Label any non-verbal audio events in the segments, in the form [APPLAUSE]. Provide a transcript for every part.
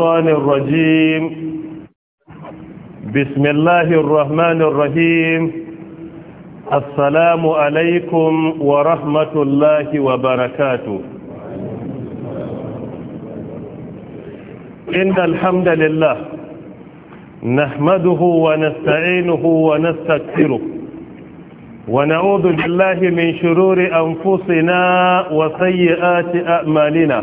الشيطان الرجيم بسم الله الرحمن الرحيم السلام عليكم ورحمة الله وبركاته إن الحمد لله نحمده ونستعينه ونستكثره ونعوذ بالله من شرور أنفسنا وسيئات أعمالنا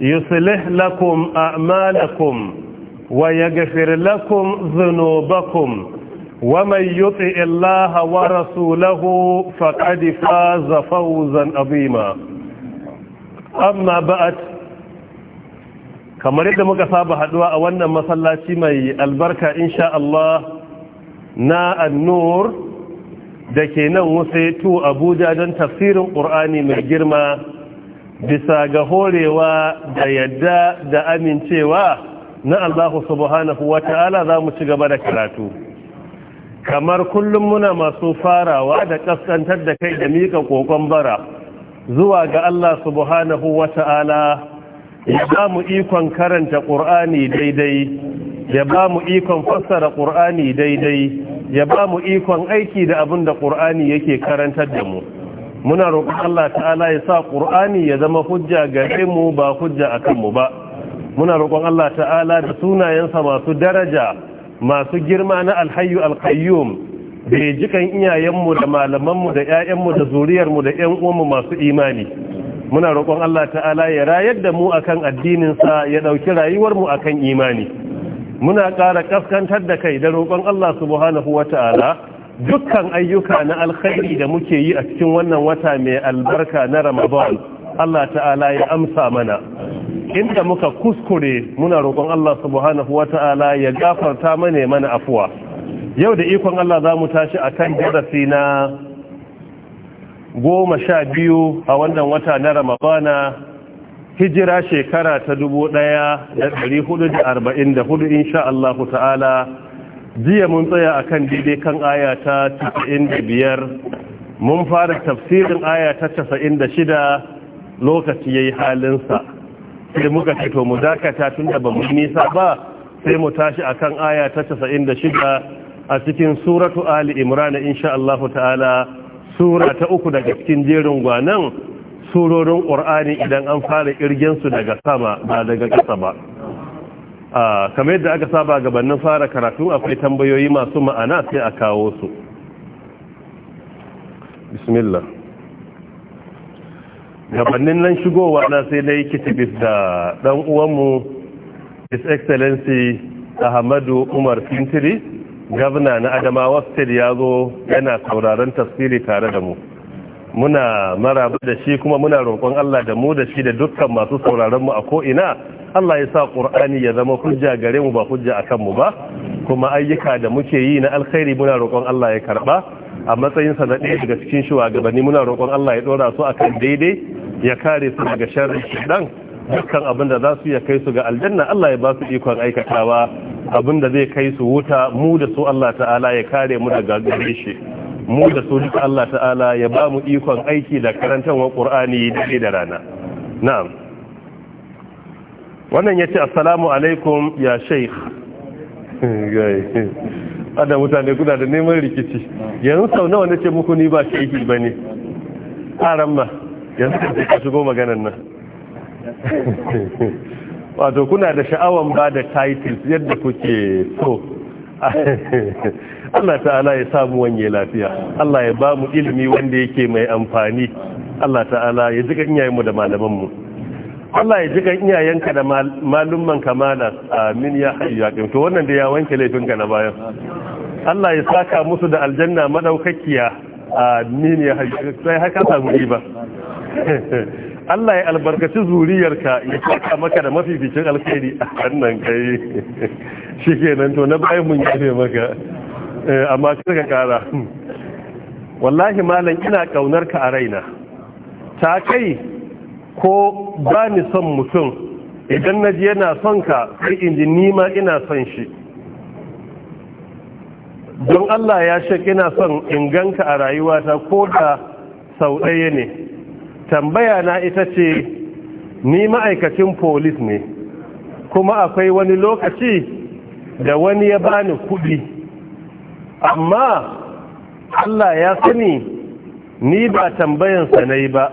يصلح لكم أعمالكم ويغفر لكم ذنوبكم ومن يطع الله ورسوله فقد فاز فوزا عظيما أما بعد kamar yadda muka saba haduwa a wannan masallaci mai albarka insha Allah na annur da ke nan wasu Abuja don tafsirin ƙur'ani mai girma bisa ga horewa da yadda da amincewa na Allahu subhanahu wa ta'ala za mu ci gaba da karatu kamar kullum muna masu farawa da kaskantar da kai da miƙa kokon bara zuwa ga Allah subhanahu wa ta'ala ya ba mu ikon karanta ƙur'ani daidai ya ba mu ikon fassara ƙur'ani daidai ya ba mu ikon aiki da abin da ƙur'ani yake karantar da mu muna roƙon Allah ta'ala ya sa ƙur'ani ya zama hujja gare mu ba hujja a kanmu ba muna roƙon Allah ta'ala da sunayensa masu daraja masu girma na alhayu alkayyum da ya ji kan iyayenmu da malamanmu da 'ya'yanmu da zuriyarmu da 'yan uwanmu masu imani muna roƙon Allah ta'ala ya rayar da mu akan addinin sa ya ɗauki rayuwarmu akan imani muna ƙara ƙaskantar da kai da roƙon Allah subhanahu wa ta'ala dukkan ayyuka na alkhairi da muke yi a cikin wannan wata mai albarka na ramadan Allah ta'ala ya amsa mana inda muka kuskure muna roƙon Allah subhanahu wata'ala ya gafarta mana mana afuwa yau da ikon Allah za mu tashi a kan darasi na goma sha biyu a wannan wata na ramadana hijira shekara ta dubu ɗaya da ɗari hudu da arba'in da hudu insha Allah ta'ala jiya mun tsaya a kan daidai kan aya ta 95 mun fara tafsirin aya ta 96 lokaci ya yi halinsa sai muka fito mu dakata tunda ba mu nisa ba sai mu tashi akan aya ta 96 a cikin suratu ali Imrana insha Allah ta'ala sura ta uku daga cikin jerin gwanan surorin ƙur'ani idan an fara kirgen daga sama ba daga ƙasa ba kamar yadda aka saba gabanin fara karatu akwai tambayoyi masu ma'ana sai a kawo su bismillah gabanin nan shigowa na sai na yi kitibis da ɗan uwanmu his excellency ahmadu umar fintiri gabna na adamawa state ya zo yana sauraron tafsiri tare da mu muna maraba da shi kuma muna roƙon Allah da mu da shi da dukkan masu sauraron mu a ko ina Allah ya sa Qur'ani ya zama hujja gare mu ba hujja akan mu ba kuma ayyuka da muke yi na alkhairi muna roƙon Allah ya karba a matsayin sa na ɗaya daga cikin shugabanni muna roƙon Allah ya dora su akan daidai ya kare su daga sharri dan dukkan abin da za su ya kai su ga aljanna Allah ya ba su ikon aikatawa abin da zai kai su wuta mu da su Allah ta'ala ya kare mu daga gare shi mu da su Allah ta'ala ya ba mu ikon aiki da karantarwar Qur'ani dare da rana na'am wannan yace assalamu alaikum ya sheikh ada [LAUGHS] mutane kuna da neman rikici yanzu sau nawa nace muku ni ba sheikh bane aran ma yanzu ka shigo maganar nan [LAUGHS] wato kuna da sha'awan ba da titles yadda kuke so [LAUGHS] Allah ta'ala ya samu wanye lafiya Allah ya ba mu ilimi wanda yake mai amfani Allah ta'ala ya jikan iyayenmu da malamanmu Allah ya jikan iyayenka da malumman kamala amin ya hayyu ya to wannan da ya wanke laifinka na bayan Allah ya saka musu da aljanna madaukakiya amin ya hayyu sai haka samu riba [LAUGHS] Allah ya albarkaci zuriyarka ya saka maka da mafificin alkhairi a wannan kai [LAUGHS] shikenan to na bayan mun yafe maka Eh, amma ka kara wallahi malam ina kaunar ka a raina ta kai ko ba ni son mutum idan na ji yana son ka sai in ji nima ina son shi don Allah ya shek ina son in ganka a ta ko da sau ɗaya ne tambaya na ita ce ni ma'aikacin polis ne kuma akwai wani lokaci da wani ya bani kuɗi amma Allah ya sani ni ba tambayansa na yi ba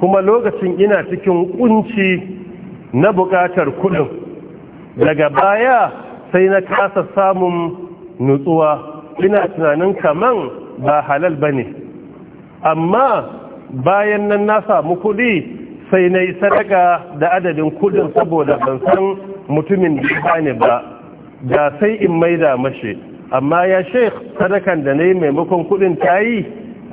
kuma lokacin ina cikin kunci na buƙatar kudin daga baya sai na kasa samun nutsuwa ina tunanin kaman ba halal ba ne amma bayan nan na samu kudi sai na yi sadaka da adadin kudin saboda ban san mutumin da ba ne ba da sai in maida mashi amma ya sheikh sadakan da nayi maimakon kudin yi,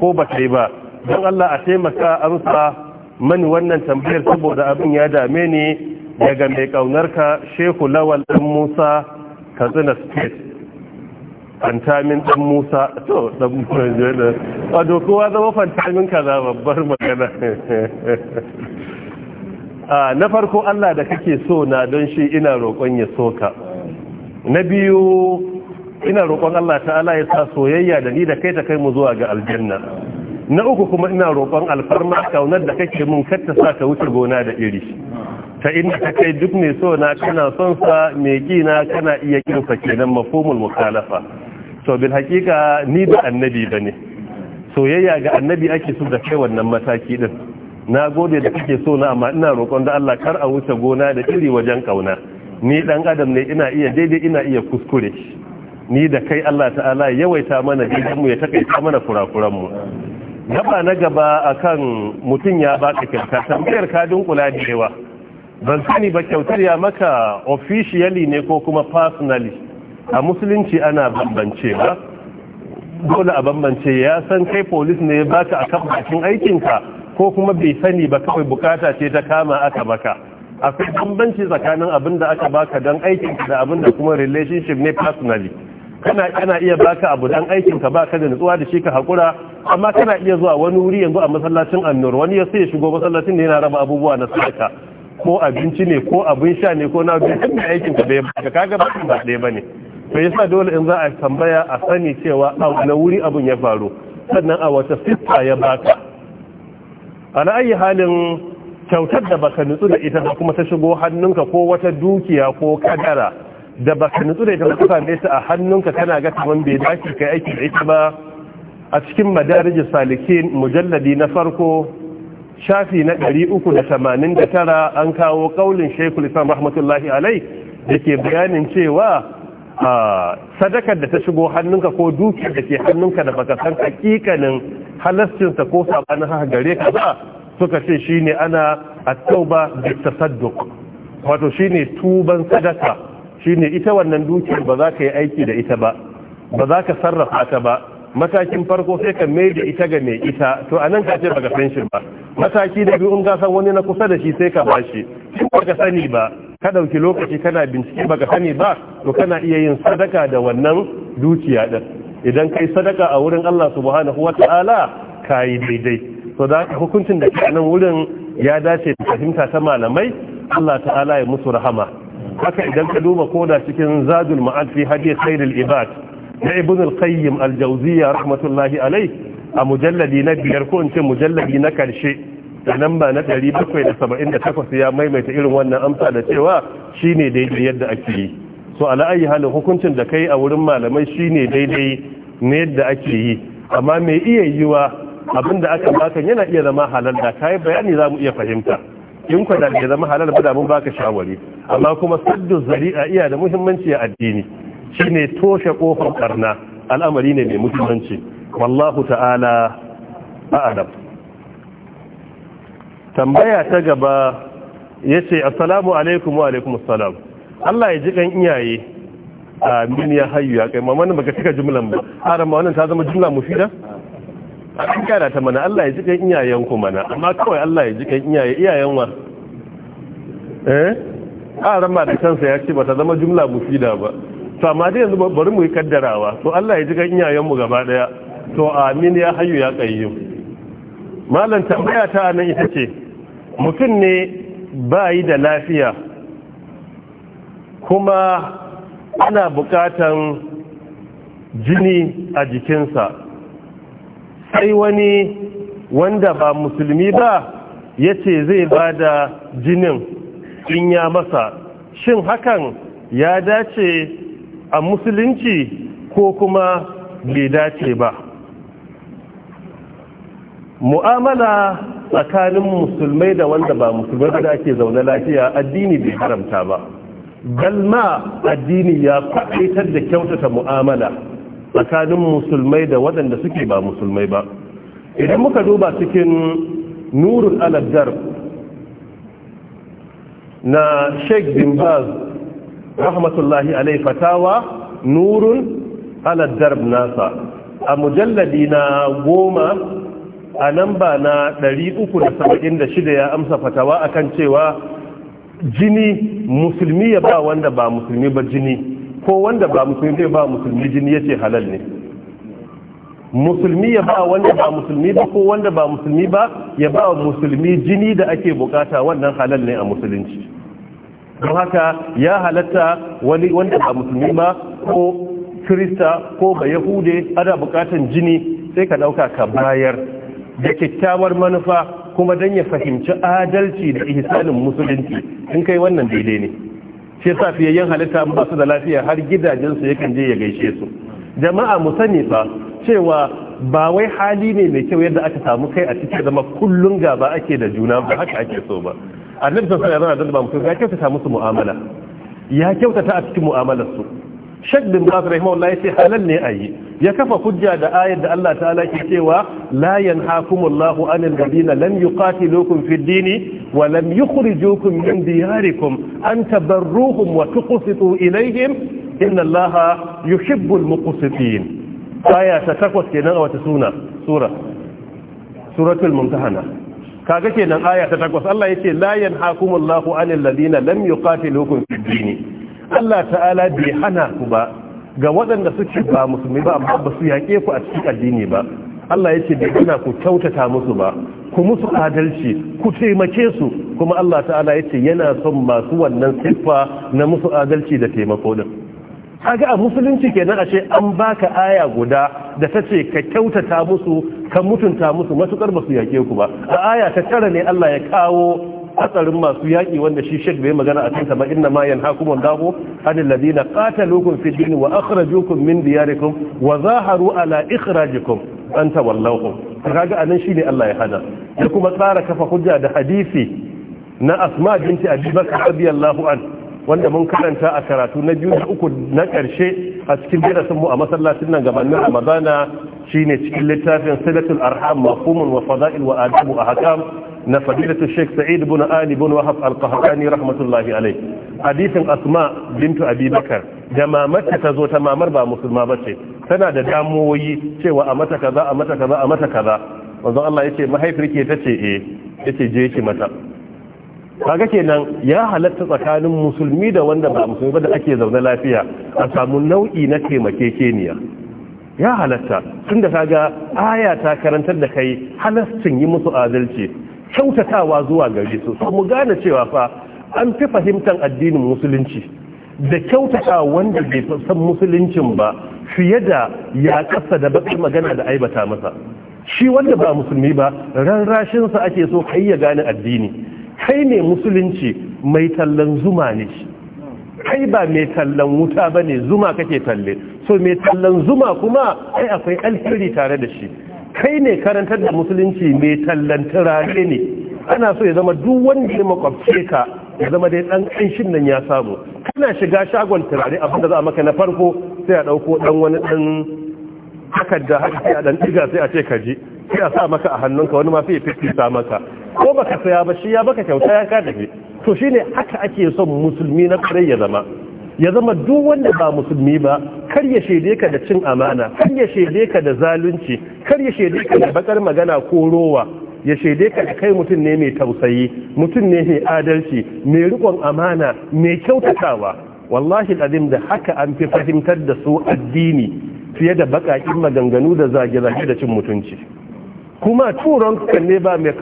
ko ba ta yi ba don Allah a taimaka amsa mani wannan tambayar saboda abin ya dame ni daga mai kaunarka shehu lawal ɗan Musa Katsina State fantamin ɗan Musa to dan Musa wato kowa zama fantamin kaza babbar magana [LAUGHS] na farko Allah da kake so na don shi ina roƙon ya soka na biyu ina roƙon Allah ta'ala ya sa soyayya da ni da kai ta kai mu zuwa ga aljanna na uku kuma ina roƙon alfarma kaunar da kake mun katta sa ka wuce gona da iri ta inda ta kai duk mai so na kana son sa mai kina kana iya kin sa kenan mafhumul mukhalafa to bil haqiqa ni ba annabi bane soyayya ga annabi ake so da kai wannan mataki din na gode da kake so na amma ina roƙon da Allah kar a wuce gona da iri wajen kauna ni dan adam ne ina iya daidai ina iya kuskure ni da kai Allah ta'ala yawaita mana mu ya takaita mana kurakuranmu gaba na gaba akan mutum ya baka kyauta tambayar ka dunkula da yawa ban sani ba kyautar ya maka officially ne ko kuma personally a musulunci ana bambance ba dole a bambance ya san kai police ne ya baka akan bakin aikinka ko kuma bai sani ba kawai bukata ce ta kama aka maka akwai bambanci tsakanin abinda aka baka don aikinka da abin kuma relationship ne personally kana kana iya baka abu dan aikin ka baka da nutsuwa da shi ka hakura amma kana iya zuwa wani wuri yanzu a masallacin annur wani ya sai shigo masallacin ne yana raba abubuwa na sadaka ko abinci ne ko abin sha ne ko na abin da aikin ka bai baka kaga ba ba dai bane to yasa dole in za a tambaya a sani cewa a na wuri abun ya faru sannan a wata siffa ya baka ana ayi halin kyautar da baka nutsu da ita kuma ta shigo hannunka ko wata dukiya ko kadara da ba ka nutsu da ita ba ka same ta a hannunka kana ga kaman bai dace kai aiki da ita ba a cikin madarijus salikin mujalladi na farko shafi na 389 an kawo kaulin Sheikhul Islam rahmatullahi alai Da ke bayanin cewa sadakar da ta shigo hannunka ko dukiyar da ke hannunka da baka san hakikanin halascinsa ko sabanin haka gare ka ba suka ce shine ana at-tauba bi tasadduq wato shine tuban sadaka shine ita wannan dukiyar ba za ka yi aiki da ita ba ba za ka sarrafa ta ba matakin farko sai ka mai da ita ga mai ita to a nan ka ce baka san shi ba mataki da biyu in ka san wani na kusa da shi sai ka bashi ba baka sani ba ka ɗauki lokaci kana bincike baka sani ba to kana iya yin sadaka da wannan dukiya din idan kai sadaka a wurin Allah subhanahu wata'ala ka yi daidai to da hukuncin da ke nan wurin ya dace da fahimta ta malamai Allah ta'ala ya musu rahama haka idan ka duba koda cikin zadul ma'ad fi khair al ibad na ibn al-qayyim al-jawziyya rahmatullahi alayh a mujalladi na biyar ko ince mujalladi na karshe da namba na 778 ya maimaita irin wannan amsa da cewa shine daidai yadda ake yi so ala ayi halin hukuncin da kai a wurin malamai shine daidai ne yadda ake yi amma mai iya yiwa abinda aka baka yana iya zama halal da kai bayani zamu iya fahimta in ku da ya zama halal ba da mun baka shawari amma kuma saddu zari'a iya da muhimmanci a addini shine toshe kofar karna al'amari ne mai muhimmanci wallahu ta'ala a'lam tambaya ta gaba yace assalamu alaikum wa alaikum assalam Allah ya ji kan iyaye amin ya hayyu ya kai mamman baka cika jumlan ba haram ma wannan ta zama jumla mufida a kan kara ta mana Allah ya ji kan ku mana amma kawai Allah ya ji kan iyaye iyayen wa eh a ramma da kansa ya ce bata zama jumla mufida ba to amma dai yanzu bari mu yi kaddarawa to Allah ya ji kan mu gaba daya to amin ya hayyu ya qayyum malam tambaya ta nan ita ce mutum ne bayi da lafiya kuma ana bukatan jini a jikinsa sai wani wanda ba musulmi ba ya ce zai ba da jinin in ya masa shin hakan ya dace a musulunci ko kuma bai dace ba mu'amala tsakanin musulmai da wanda ba musulmai da ake zaune lafiya addini bai haramta ba balma addini ya faɗaitar da kyautata mu'amala tsakanin musulmai da waɗanda suke ba musulmai ba idan muka duba cikin nurul aladdar na sheikh bin baz rahmatullahi alai fatawa nurul aladdar nasa a mujalladi na goma a namba na 376 ya amsa fatawa akan cewa jini musulmi ya ba wanda ba musulmi ba jini ko wanda ba musulmi zai ba musulmi jini yace halal ne musulmi ya ba wanda ba musulmi ba ko wanda ba musulmi ba ya ba musulmi jini da ake bukata wannan halal ne a musulunci don haka ya halatta wani wanda ba musulmi ba ko krista ko ba yahude ana bukatan jini sai ka dauka ka bayar da kyakkyawar manufa kuma don ya fahimci adalci da ihsanin musulunci in kai wannan daidai ne shi yasa fiyayyen halitta ba su da lafiya har gidajensu yakan je ya gaishe su jama'a mu sani fa cewa ba wai hali ne mai kyau yadda aka samu kai a cikin zama kullun gaba ake da juna ba haka ake so ba annabi sallallahu alaihi wasallam ya zama da mutum ya kyautata musu mu'amala ya kyautata a cikin mu'amalar su Sheikh bin Baz rahimahullah yace halal ne ayi ya kafa hujja da ayar da Allah ta'ala ke cewa la yanhaakumullahu anil ladina lam yuqatilukum fid din wa lam yukhrijukum min diyarikum an tabarruhum wa tuqsitu ilayhim inna Allaha yuhibbul muqsitin aya ta takwas kenan a wata suna sura suratul mumtahana kaga kenan aya ta takwas Allah yace la yanhaakumullahu anil ladina lam yuqatilukum fid din Allah ta'ala bai hana ku ba ga waɗanda suke ba musulmi ba amma ba su yaƙe ku a cikin addini ba Allah ya ce bai gina ku kyautata musu ba ku musu adalci ku taimake su kuma Allah ta'ala ya ce yana son masu wannan siffa na musu adalci da taimako din kaga a musulunci kenan ashe an baka aya guda da ta ce ka kyautata musu ka mutunta musu matukar ba su yake ku ba a aya ta tara ne Allah ya kawo hatsarin masu yaƙi wanda shi shek bai magana a kansa ba inna ma yanhaakum Allahu anil ladina qataluukum fid din wa akhrajuukum min diyarikum wa zaharu ala ikhrajikum an tawallawhum kaga anan shine Allah ya hada da kuma tsara kafa hujja da hadisi na Asma binti Abi Bakr radiyallahu an wanda mun karanta a karatu na biyu da uku na ƙarshe a cikin darasin mu a masallacin nan gabanin Ramadana shine cikin littafin Silatul Arham mafhumun wa fada'il wa adabu ahkam na fadilatu Sheikh Sa'id ibn Ali ibn Wahab al-Qahtani rahmatullahi alayh hadisin Asma bintu Abi bakr da mamata ta zo ta mamar ba musulma bace tana da damuwoyi cewa a mata kaza a mata kaza a mata kaza manzo Allah yace mahaifiyar ke tace eh yace je ki mata kaga kenan ya halatta tsakanin musulmi da wanda ba musulmi ba da ake zaune lafiya a samu nau'i na keniya. ya halatta tunda kaga aya ta karantar da kai halastin yi musu adalci kyautatawa zuwa gare su so mu gane cewa fa an fi fahimtar addinin musulunci da kyautata wanda bai san musuluncin ba fiye da ya kasa da bakin magana da aibata masa shi wanda ba musulmi ba ran rashinsa ake so kai ya gane addini kai ne musulunci mai tallan zuma ne shi kai ba mai tallan wuta ba ne zuma kake talle so mai tallan zuma kuma kai akwai alheri tare da shi kai ne karantar da musulunci mai turare ne ana so ya zama duk wanda ya makwabce ka ya zama dai dan kanshin nan ya samu kana shiga shagon turare abin da za a maka na farko sai a dauko dan wani dan takarda haka sai a dan diga sai a ce ka je sai a sa maka a hannunka wani ma sai ya sa maka ko baka saya ba shi ya baka kyauta ya ka dafe to shine haka ake son musulmi na kare ya zama ya zama duk wanda ba musulmi ba kar ya shaide ka da cin amana kar ya shaide ka da zalunci kar ya shaide ka da bakar magana ko rowa ya shaide ka da kai mutum ne mai tausayi mutum ne mai adalci mai rikon amana mai kyautatawa wallahi ladin da haka an fi fahimtar da su addini fiye da bakakin maganganu da zage-zage da cin mutunci kuma turon kan ne ba mai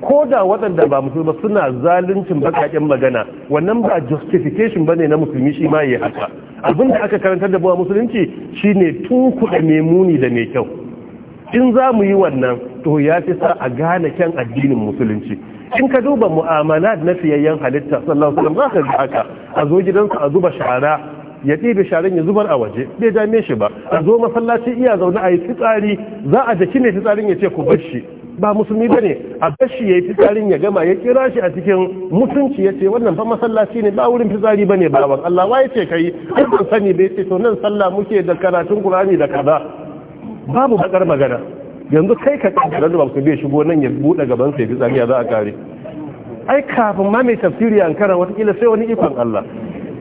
ko da waɗanda ba musulmi ba suna zaluncin bakaƙen magana wannan ba justification bane na musulmi shi ma ya haka abinda aka karantar da bawa musulunci shine tun kuɗa mai muni da mai kyau in za mu yi wannan to ya fi sa a gane kyan addinin musulunci in ka duba mu'amalat na fiyayyen halitta sallallahu alaihi wasallam za ka haka a zo gidansa a zuba shara ya ɗebe sharan ya zubar a waje bai dame shi ba a zo masallaci iya zaune a yi fitsari za a jaki ne fitsarin ya ce ku bar shi ba musulmi ba ne a bashi ya yi fitsarin ya gama ya kira shi a cikin mutunci ya ce wannan fa masallaci ne ba wurin fitsari ba ne ba. wa Allah wa ya ce kai ban sani bai ce to nan sallah muke da karatun Qur'ani da kaza babu bakar magana yanzu kai ka kaddara da su bai shigo nan ya bude gaban sai fitsari ya za a kare ai kafin ma mai tafsiri an kara wata kila sai wani ikon Allah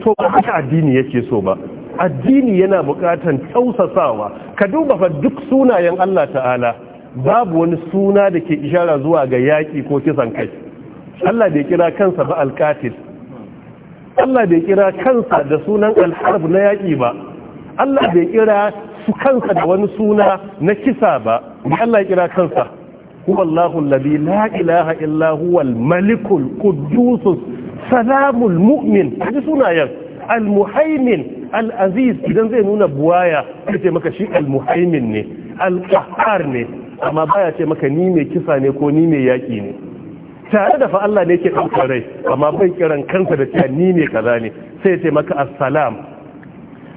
to ba haka addini yake so ba addini yana bukatan tausasawa ka duba fa duk sunayen Allah ta'ala babu wani suna da ke ishara zuwa ga yaƙi ko kisan kai Allah bai kira kansa ba alƙatil Allah bai kira kansa da sunan alharbu na yaƙi ba Allah bai kira su kansa da wani suna na kisa ba Allah ya kira kansa huwa Allahun labi la ilaha illa malikul kudusus salamul mu'min kaji sunayen al alaziz idan zai nuna buwaya ya ce maka shi al ne al ne amma baya ce maka ni mai kisa ne ko ni mai yaƙi ne tare da fa Allah ne yake ɗaukar rai amma bai kiran kansa da cewa ni ne kaza ne sai ce maka assalam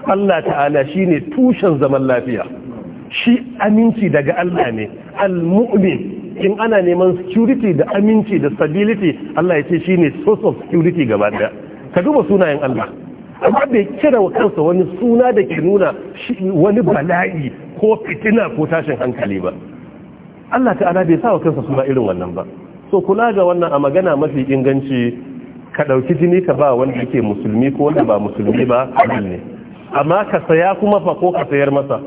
Allah ta'ala shine tushen zaman lafiya shi aminci daga Allah ne al-mu'min in ana neman security da aminci da stability Allah ya ce shine source of security gaba daya ka duba sunayen Allah amma bai kira wa kansa wani suna da ke nuna wani bala'i ko fitina ko tashin hankali ba Allah ta'ala bai sa wa kansa suna irin wannan ba so kula ga wannan a magana mafi inganci ka ɗauki jini ka ba wanda yake musulmi ko wanda ba musulmi ba abin ne amma ka saya kuma fa ko ka sayar masa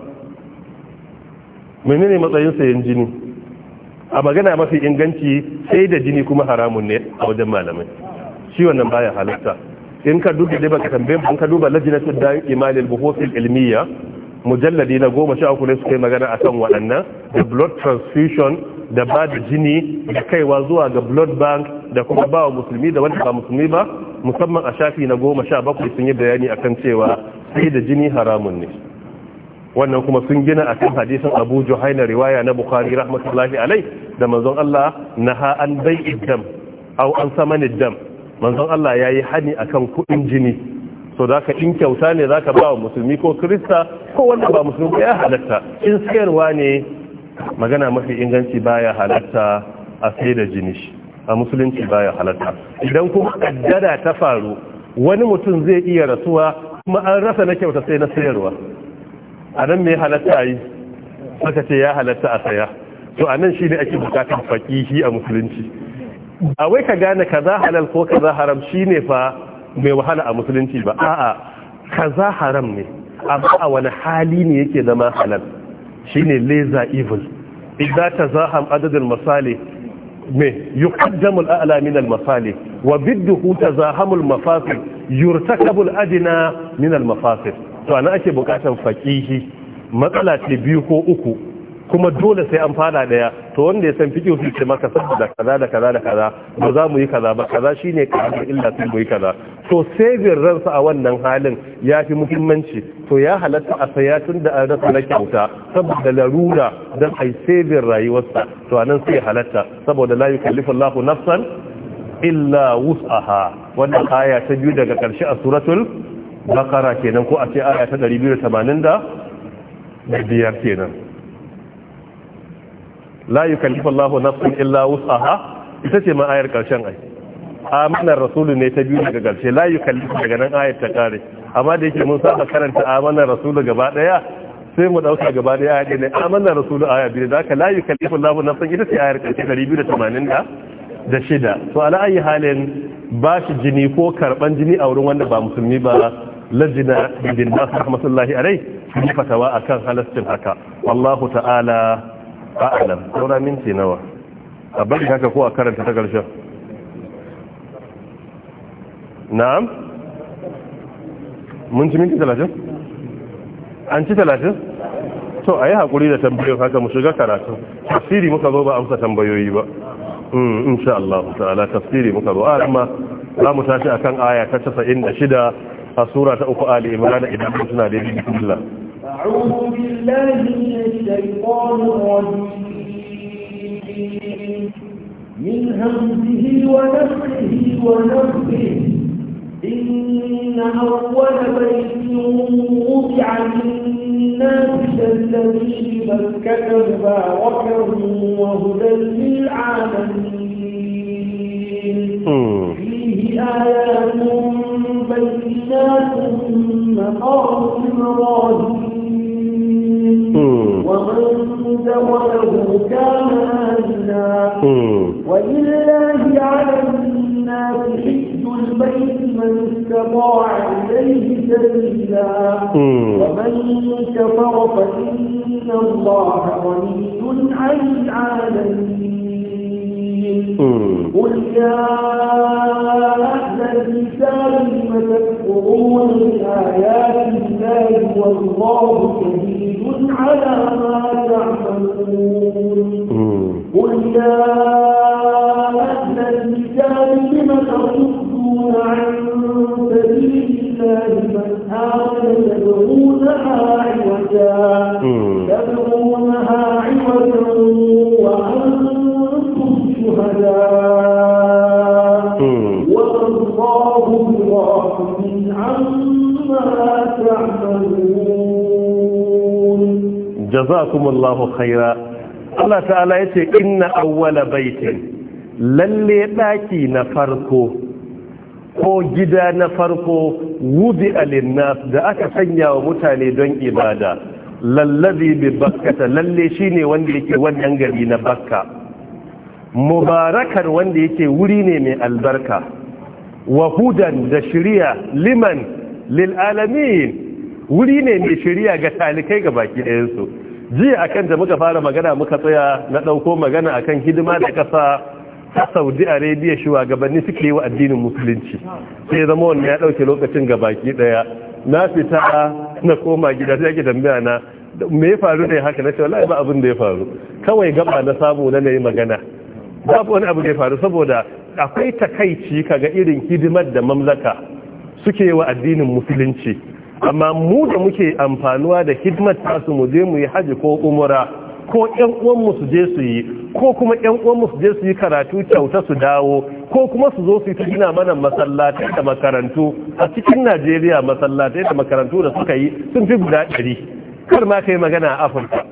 menene matsayin sayan jini a magana mafi inganci sai da jini kuma haramun ne a wajen malamai shi wannan baya halatta in ka duba da ka tambaye in ka duba lajnatul da'i imalil buhusil ilmiya mujalladi na goma sha uku ne suka yi magana kan waɗannan da blood transfusion da ba da jini da kaiwa zuwa ga blood bank da kuma ba wa musulmi da wanda ba musulmi ba musamman a shafi na goma sha bakwai sun yi bayani akan cewa sai da jini haramun ne wannan kuma sun gina a kan hadisin abu juhaina riwaya na bukhari rahmatullahi alai da manzon allah ha an bai dam au an sama dam manzon allah ya yi hani akan kuɗin jini so da ka in kyauta ne za ka ba wa musulmi ko krista ko wanda ba musulmi ya halatta in sayarwa ne magana mafi inganci baya halatta a sai da jini a musulunci baya halatta idan kuma kaddara ta faru wani mutum zai iya rasuwa kuma an rasa na kyauta sai na sayarwa a nan mai halatta yi aka ce ya halatta a saya to a nan shi ne ake bukatar fakihi a musulunci a wai ka gane kaza halal ko kaza haram shi ne fa bai wahala a musulunci ba a'a kaza haram ne amma a wani hali ne yake zama halal shine leza evil idza tazaham adad masali me yuqaddamu ala min al-masali wa bidduhu tazahamul mafasil yurtakabu al-adna min al-mafasil to ana ake bukatan faqihi matsala ta biyu ko uku kuma dole sai an fara daya to wanda ya san fiki su ce maka saboda kaza da kaza da kaza ba za mu yi kaza ba kaza shine kaza illa sai mu yi kaza to sevin ransa a wannan halin ya fi muhimmanci to ya halatta a saya tun da an rasa na kyauta saboda larura a yi sevin rayuwarsa to anan sai halatta saboda layu yukallifu Allahu nafsan illa wus'aha wannan aya ta biyu daga karshe a suratul bakara kenan ko a ce aya ta biyar kenan la yukallifu Allahu nafsan illa wus'aha ita ce ma ayar karshen ai amanar rasulu ne ta biyu daga karshe la yukallifu daga nan ayar ta kare amma da yake mun saba karanta amanar rasulu gaba daya sai mu ɗauka gaba daya ayar ne amanar rasulu ayar biyu da haka la yukallifu Allahu ita ce ayar ƙarshe biyu da tamanin da shida. to ala ayi halin ba shi jini ko karban jini a wurin wanda ba musulmi ba lajina bin nasu rahmatullahi alai fatawa akan halastin haka wallahu ta'ala a'alam saura minti nawa a bari haka ko a karanta ta ƙarshen na'am mun ci minti talatin an ci talatin to a yi haƙuri da tambayoyin haka mu shiga karatu tafsiri muka zo ba amsa tambayoyi ba hmm, insha Allah ta'ala tafsiri muka zo amma za mu tashi akan aya ta 96 a sura ta uku ali imran idan mun suna da bismillah a'udhu billahi الشيطان الرجيم من همزه ونفسه ونفسه إن أول بيت وضع للناس الذي بكة مباركا وهدى للعالمين فيه آيات بينات مقام إبراهيم ومن دخله كان آمنا ولله على الناس حج البيت من استطاع إليه سبيلا ومن كفر فإن الله غني عن العالمين قل يا الكتاب لم تكفرون بآيات الله والله شهيد على ما تعملون قل يا أهل الكتاب لم تصدون عن سبيل الله من آمن تدعونها عوجا jazakumullahu khaira Allah ta'ala yace inna awwala baitin lalle daki na farko ko gida na farko wudi alinnas da aka sanya wa mutane don ibada lallazi bi bakkata lalle shine wanda yake wannan gari na bakka Mubarakar wanda yake wuri ne mai albarka wa hudan da shiriya liman lil alamin wuri ne mai shiriya ga talikai ga baki ɗayansu jiya kan da muka fara magana muka tsaya na ɗauko magana a kan hidima da ƙasa ta saudi arabia gabanni suke yi wa addinin musulunci sai zama wannan ya ɗauke lokacin gabaki ɗaya na fita na koma gida sai ake tambaya na me ya faru ne haka na ce wallahi ba abin da ya faru kawai gaba na samu na nayi magana babu wani abu da ya faru saboda akwai takaici kaga irin hidimar da mamlaka suke wa addinin musulunci amma mu da muke amfanuwa da hidimar tasu mu je mu yi haji ko umura ko ƴan uwanmu su je su yi ko kuma ƴan uwanmu su je su yi karatu kyauta su dawo ko kuma su zo su yi gina mana masallatai da makarantu a cikin Najeriya masallatai da makarantu da suka yi sun fi guda ɗari kar ma kai magana a Afirka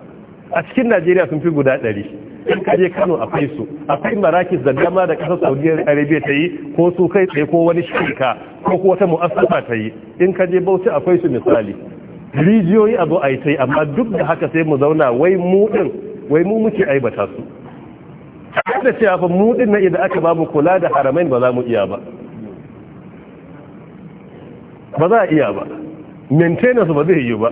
a cikin Najeriya sun fi guda ɗari in ka kano akwai su akwai marakis da dama da kasar saudi arabia ta yi ko su kai tsaye ko wani shirka ko ko wata mu'assafa ta yi in kaje je bauchi akwai su misali rijiyoyi abu a yi ta yi amma duk da haka sai mu zauna wai mu din wai mu muke aibata su da cewa fa mu din na idan aka babu kula da haramain ba za mu iya ba ba za a iya ba maintenance ba zai yi ba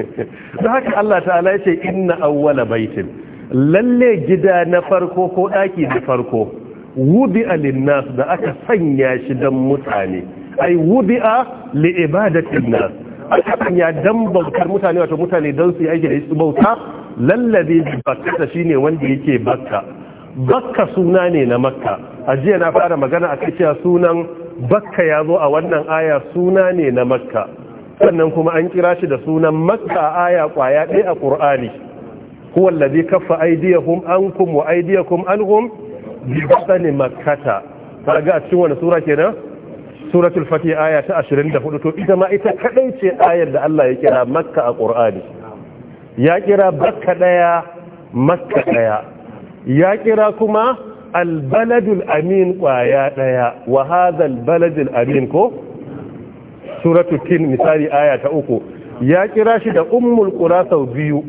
[LAUGHS] da haka Allah ta'ala ya ce inna awwala baitin lalle gida na farko ko ɗaki da farko a linnas da aka sanya shi don mutane ai wubi a wubi'a da nas aka sanya don bautar mutane wato mutane don su yi aiki da su bauta lallabi bakka shine wanda yake bakka bakka suna ne na makka a jiya na fara magana a cewa sunan bakka ya zo a wannan aya suna ne na makka sannan kuma an kira shi da sunan makka aya kwaya ɗaya a ƙur'ani huwa allazi kaffa aydiyahum ankum wa aydiyakum anhum bi batni makkata kaga a cikin wannan sura kenan suratul fatih aya ta 24 to ita ma ita kadai ce ayar da Allah ya kira makka a qur'ani ya kira bakka daya makka daya ya kira kuma albaladul amin kwaya daya wa hadhal baladul amin ko suratul tin misali aya ta uku ya kira shi da ummul qura sau biyu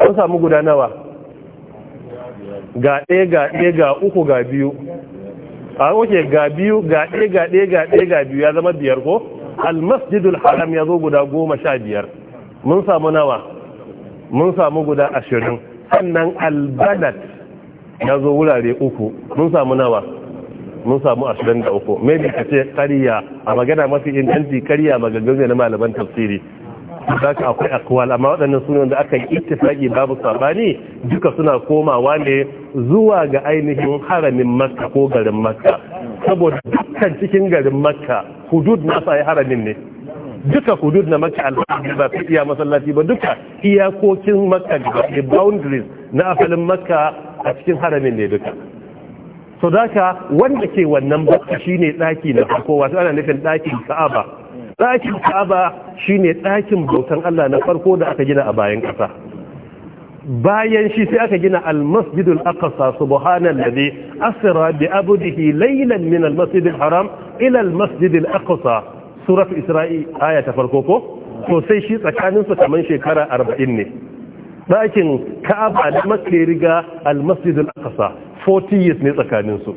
an samu guda nawa ga ɗaya ga ɗaya ga uku ga biyu a wuce ga biyu ga ɗaya ga ɗaya ga ɗaya ga biyu ya zama biyar ko almasjidul haram ya zo guda goma sha biyar mun samu nawa mun samu guda ashirin sannan albadat ya zo wurare uku mun samu nawa mun samu ashirin da uku mai ka ce karya a magana mafi inganci karya magagagai na malaman tafsiri zaka akwai akwal amma waɗannan sunan da aka yi ittifaki babu sabani duka suna komawa ne zuwa ga ainihin haramin makka ko garin makka saboda dukkan cikin garin makka hudud na sai haramin ne duka hudud na makka alhamdulillah ba fi iya masallaci ba duka iyakokin makka da boundaries na asalin makka a cikin haramin ne duka so daka wanda ke wannan bakka shine daki na farko wato ana nufin dakin ka'aba ɗakin ka'aba shine ɗakin bautan Allah na farko da aka gina a bayan ƙasa bayan shi sai aka gina almasjidul aqsa subhanallazi asra bi abdihi laylan min almasjidil haram ila almasjidil aqsa surat isra'i aya ta farko ko to sai shi tsakanin su kaman shekara 40 ne ɗakin ka'aba da makka riga almasjidul aqsa 40 years ne tsakanin su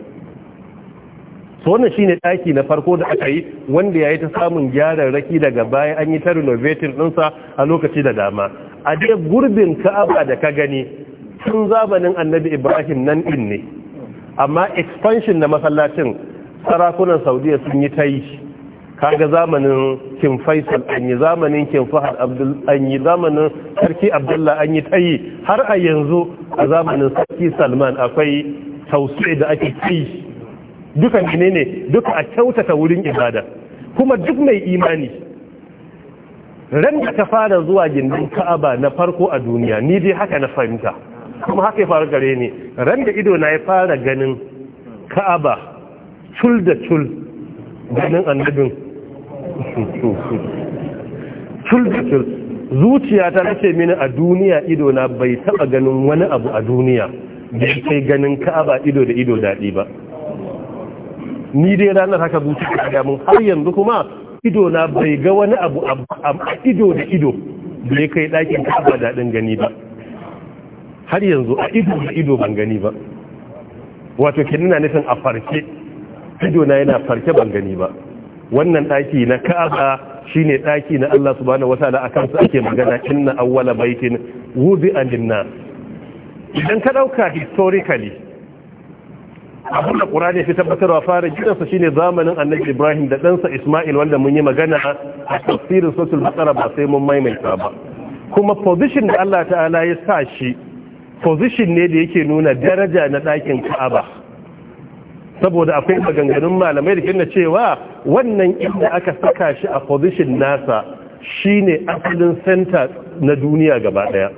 to wannan ne ɗaki na farko da aka yi wanda ya yi ta samun gyaran raki daga baya an yi ta renovating ɗinsa a lokaci da dama a dai gurbin Ka'aba da ka gani sun zamanin Annabi Ibrahim nan ɗin ne amma expansion na masallacin sarakunan Saudiya sun yi ta yi kaga zamanin kin Faisal an yi zamanin kin Fahad Abdul an yi zamanin Sarki Abdullah an yi ta yi har a yanzu a zamanin Sarki Salman akwai tausayi da ake yi duka ne duka a kyautata wurin ibada kuma duk mai imani ran da ta fara zuwa gindin ka'aba na farko a duniya ni dai haka na fahimta kuma haka ya faru gare ni ran da ido na ya fara ganin ka'aba cul da cul ganin annabin [LAUGHS] cul da cul zuciya ta nace mini a duniya ido na bai taba ganin wani abu a duniya da kai ganin ka'aba ido da ido daɗi ba ni dai ranar haka zuci ta har yanzu kuma ido na bai ga wani abu a ido da ido da kai ɗakin kaba daɗin gani ba har yanzu a ido da ido ban gani ba wato ke nuna nufin a farke ido na yana farke ban gani ba wannan ɗaki na kaba shine ɗaki na Allah subhanahu wataala akan su ake magana inna awwala baitin wudi'a lin-nas idan ka ɗauka historically abin da ne fi tabbatarwa fara gidansa shine zamanin annabi ibrahim da ɗansa ismail wanda mun yi magana a tafsirin sosul matsara ba sai mun maimaita ba kuma position da allah ta'ala ya sa shi position ne da yake nuna daraja na ɗakin ka'aba saboda akwai maganganun malamai da kina cewa wannan inda aka saka shi a position nasa shine asalin center na duniya gaba ɗaya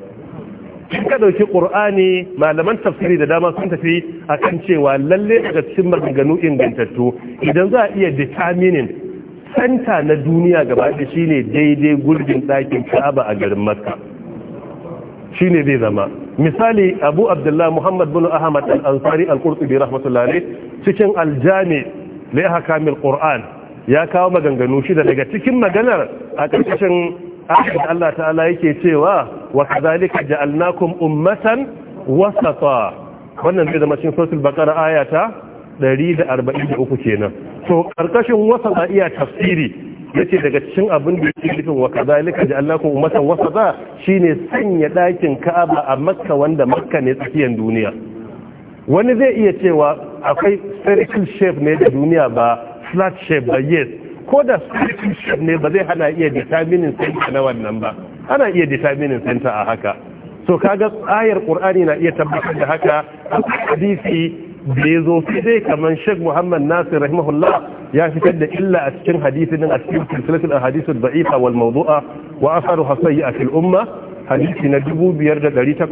kin ka dauki qur'ani malaman tafsiri da dama sun tafi akan cewa lalle daga cikin maganganu ingantattu idan za a iya determining santa na duniya gaba da shine daidai gurbin ɗakin Ka'aba a garin Makka shine zai zama misali Abu Abdullah Muhammad bin Ahmad al-Ansari al-Qurtubi rahmatullahi cikin aljami jami li ahkamil Qur'an ya kawo maganganu shida daga cikin maganar a ƙarƙashin ahad Allah ta'ala yake cewa wa kadhalika ja'alnakum ummatan wasata wannan zai zama cikin suratul baqara ayata 143 kenan to karkashin wasata iya tafsiri yace daga cikin abin da yake nufin wa kadhalika ja'alnakum ummatan wasata shine sanya dakin Ka'aba a Makka wanda Makka ne tsakiyar duniya wani zai iya cewa akwai spherical shape ne da duniya ba flat shape ba yes ko da subscription ne ba zai hana iya determining center na wannan ba ana iya determining center a haka so kaga ayar qur'ani na iya tabbatar da haka hadisi da ya zo sai dai kamar Sheikh Muhammad Nasir rahimahullah ya fitar da illa a cikin hadisi din a cikin silsilatul ahadith al daifa wal mawdu'a wa atharuha sayyi'a fil umma hadisi na 2882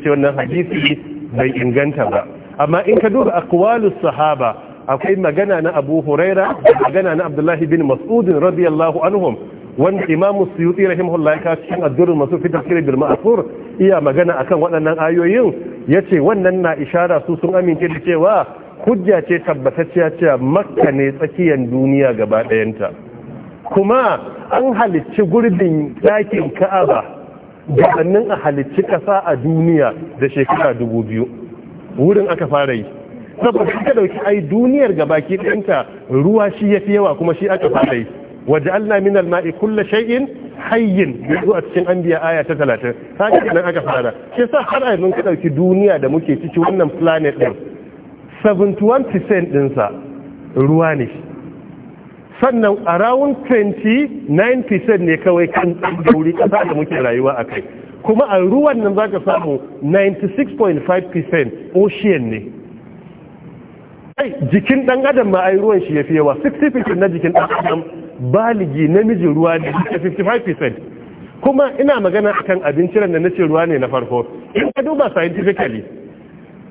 ce wannan hadisi bai inganta ba amma in ka duba aqwalus sahaba akwai magana na abu huraira magana na abdullahi bin mas'udin radiyallahu anhum wanda imamu suyuti rahimahullah ka cikin addurin masu fi tafsir bil ma'thur iya magana akan waɗannan ayoyin yace wannan na ishara su sun amince da cewa hujja ce tabbatacciya cewa makka ne tsakiyar duniya gaba ɗayanta kuma an halicci gurbin ɗakin ka'aba da gabanin a halicci ƙasa a duniya da shekara dubu biyu wurin aka fara yi saboda ka dauki ai duniyar gabaki ɗinta ruwa shi yafi yawa kuma shi aka fara yi waj'alna min al-ma'i kull shay'in hayyin yanzu a cikin anbiya aya ta 30 haka nan aka fara shi sa har yanzu ka dauki duniya da muke ciki wannan planet din 71% din sa ruwa ne sannan around 29% ne kawai kan dauri kasa da muke rayuwa akai kuma a ruwan nan zaka samu 96.5% ocean ne kai jikin ɗan adam ma ai ruwan shi ya fiye yawa 60% na jikin dan adam baligi namiji ruwa ne 55% kuma ina magana akan abincin da nace ruwa ne na farko in ka duba scientifically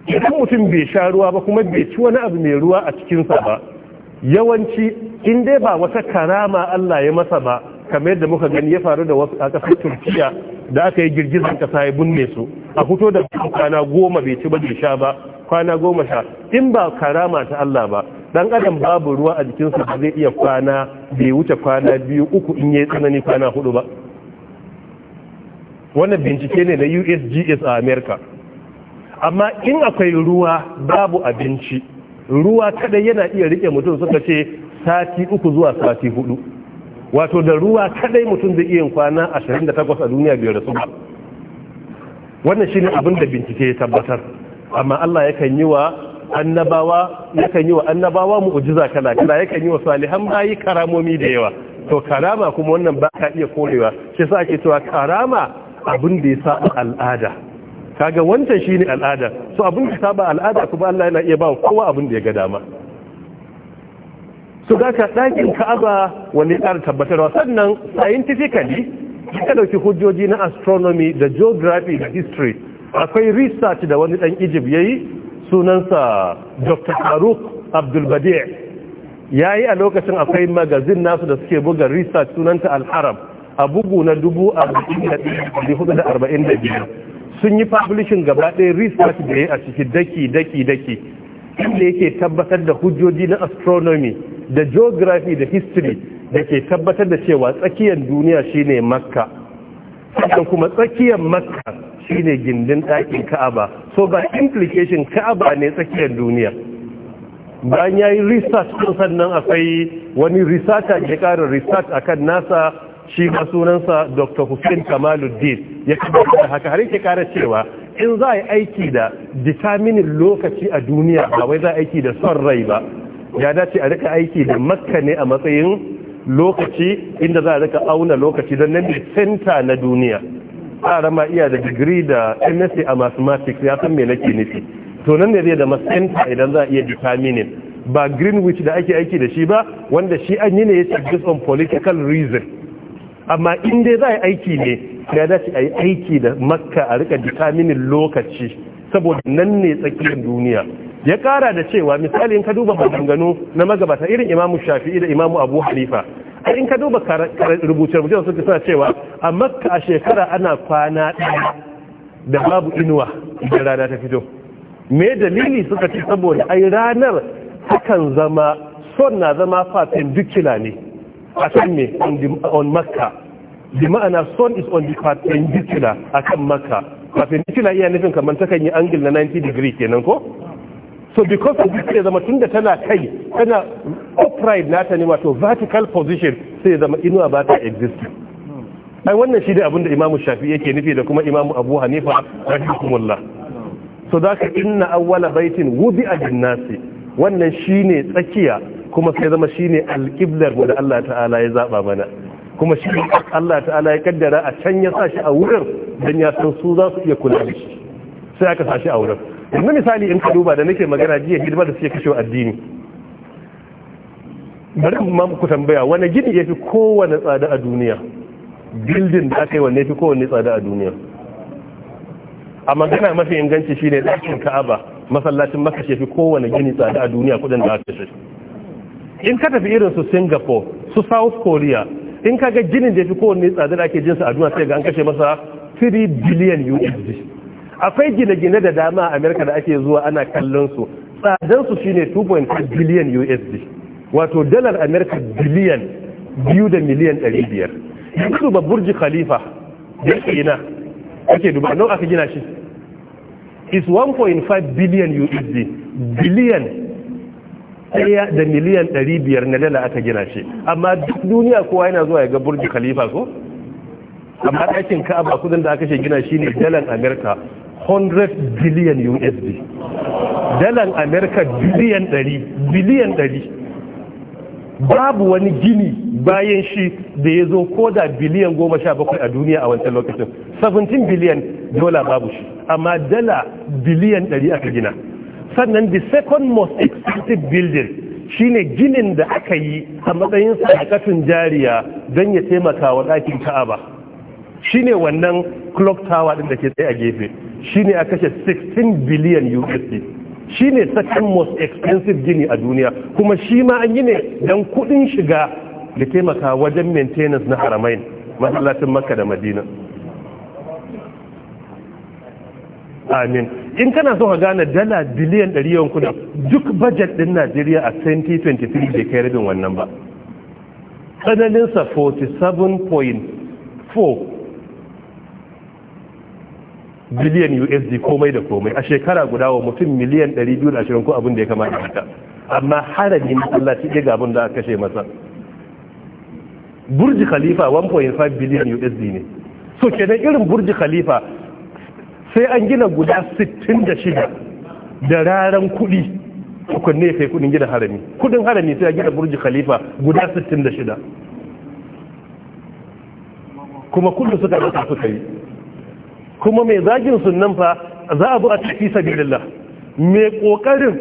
idan mutum bai sha ruwa ba kuma bai ci wani abu mai ruwa a cikinsa ba yawanci in dai ba wata karama Allah ya masa ba kamar yadda muka gani ya faru da wasu a kasar turkiya da aka yi girgizar kasa ya binne su a fito da kwana goma bai ci ba bai sha ba kwana goma sha in ba karama ta Allah ba dan adam babu ruwa a jikinsa ba zai iya kwana bai wuce kwana biyu uku in yayi tsanani kwana hudu ba wannan bincike ne na USGS a America amma in akwai ruwa babu abinci ruwa kadai yana iya rike mutum suka ce sati uku zuwa sati hudu wato da ruwa kadai mutum zai iya kwana 28 a duniya biyar da ba wannan shine abin da bincike ya tabbatar amma Allah yakan yi wa annabawa yakan yi wa annabawa mu'jiza kala kala yakan yi wa salihan bayi karamomi da yawa to karama kuma wannan ba ka iya korewa shi yasa ake cewa karama abin da ya saba al'ada kaga wancan shine al'ada so abin da saba al'ada kuma Allah yana iya ba kowa abin da ya ga dama su daga ɗakin ka'aba wani ƙara tabbatarwa sannan scientifically ka ɗauki hujjoji na astronomy da geography da history akwai research da wani dan Egypt yayi sunansa Dr. Farouk Abdul Badi' yayi a lokacin akwai magazin nasu da suke buga research sunanta Al-Arab a bugu na 1445 sun yi publishing gaba ɗaya research da yayi a ciki daki daki daki inda yake tabbatar da hujjoji na astronomy da geography da history da ke tabbatar da cewa tsakiyar duniya shine makka sannan kuma tsakiyar makka Shi ne gindin ɗakin ka'aba so ba implication ka'aba ne tsakiyar duniya bayan ya yi research ɗin sannan akwai wani researcher ya ƙara research kan nasa shi ma sunansa dr hussein kamaluddin ya da haka har yake ƙara cewa in za a yi aiki da determinin lokaci a duniya ba wai za a aiki da son rai ba ya dace a rika aiki da makka ne a matsayin lokaci inda za a rika auna lokaci don nan da center na duniya ƙara ma iya da digiri da MSc a mathematics ya san mai nake nufi to nan ne zai da masanta idan za a iya determining ba greenwich da ake aiki da shi ba wanda shi an yi ne ya ce based on political reason amma in dai za a aiki ne ya dace a yi aiki da makka a rika determining lokaci saboda nan ne tsakiyar duniya ya kara da cewa misali in ka duba maganganu na magabata irin imamu shafi'i da imamu abu hanifa har in ka duba rubuce rubuce suke suna cewa a makka a shekara ana kwana ɗaya da babu inuwa idan rana ta fito me dalili suka ce saboda ai ranar hakan zama son na zama dukila ne a kan me on makka the ma'ana son is on the a akan makka dukila iya nufin kamar takan yi angil na 90 degree kenan ko so because of this zama tunda tana kai tana pride nata ne wato vertical position sai zama inuwa ba ta exist ai wannan shi dai abinda imamu shafi yake nufi da kuma imamu abu hanifa rahimahullah so da ka inna awwala baitin wubi a jinnasi wannan shi ne tsakiya kuma sai zama shi ne mu da Allah ta'ala ya zaba mana kuma shi Allah ta'ala ya kaddara a can ya sa shi a wurin don ya san su za su iya kula da shi sai aka sa shi a wurin yanzu misali in ka duba da nake magana jiya hidima da suke kashe addini bari ma ku tambaya wani gini ya fi kowane tsada a duniya bildin da aka yi ya fi kowane tsada a duniya a magana mafi inganci shi ne ɗakin ka'aba masallacin maka shi fi kowane gini tsada a duniya kudin da aka shi in ka tafi irin su singapore su south korea in ka ga ginin da ya fi kowane tsada da ake jinsu a duniya sai ga an kashe masa 3 biliyan usd akwai gine-gine da dama a amerika da ake zuwa ana kallon su tsadansu shine 2.5 biliyan usd wato dalar amerika biliyan biyu da miliyan ɗari biyar yanzu duba burji khalifa da ke ina ake duba nau aka gina shi is 1.5 biliyan usd biliyan ɗaya da miliyan ɗari biyar na dala aka gina shi amma duk duniya kowa yana zuwa ya ga burji khalifa ko amma ɗakin ba kudin da aka gina shi ne dalar amerika 100 biliyan usd Dalar amerika biliyan ɗari biliyan ɗari babu wani gini bayan shi da ya zo ko da biliyan goma sha bakwai a duniya a wancan lokacin 17 biliyan dola babu shi amma dala biliyan ɗari aka gina sannan the second most expensive building shine ginin da aka yi a matsayin sadakatun jariya don ya taimaka wa ɗakin ka'aba ne wannan clock tower ɗin da ke tsaye a gefe Shi ne a kashe 16 biliyan usd shi ne second most expensive gini a duniya kuma shi ma an yi ne don kudin shiga da taimaka wajen maintenance na haramain masallacin makka da madina amin in kana so ka gane dala biliyan 100 yawan kudin duk budget din najeriya a 2023 bai kai rabin wannan ba tsananinsa 47.4 biliyan usd komai da komai a shekara guda wa mutum miliyan 220 ko abin da ya kamata haka amma harami masallaci ɗaya ga abin da aka kashe masa burji khalifa 1.5 biliyan usd ne so kenan irin burji khalifa sai an gina guda 66 da raran kuɗi ne kai kudin gina harami kudin harami sai a gina burji khalifa guda 66 kuma kullum suka ɗauka suka yi kuma mai zagin sunan fa za a bu a tafi sabilillah mai kokarin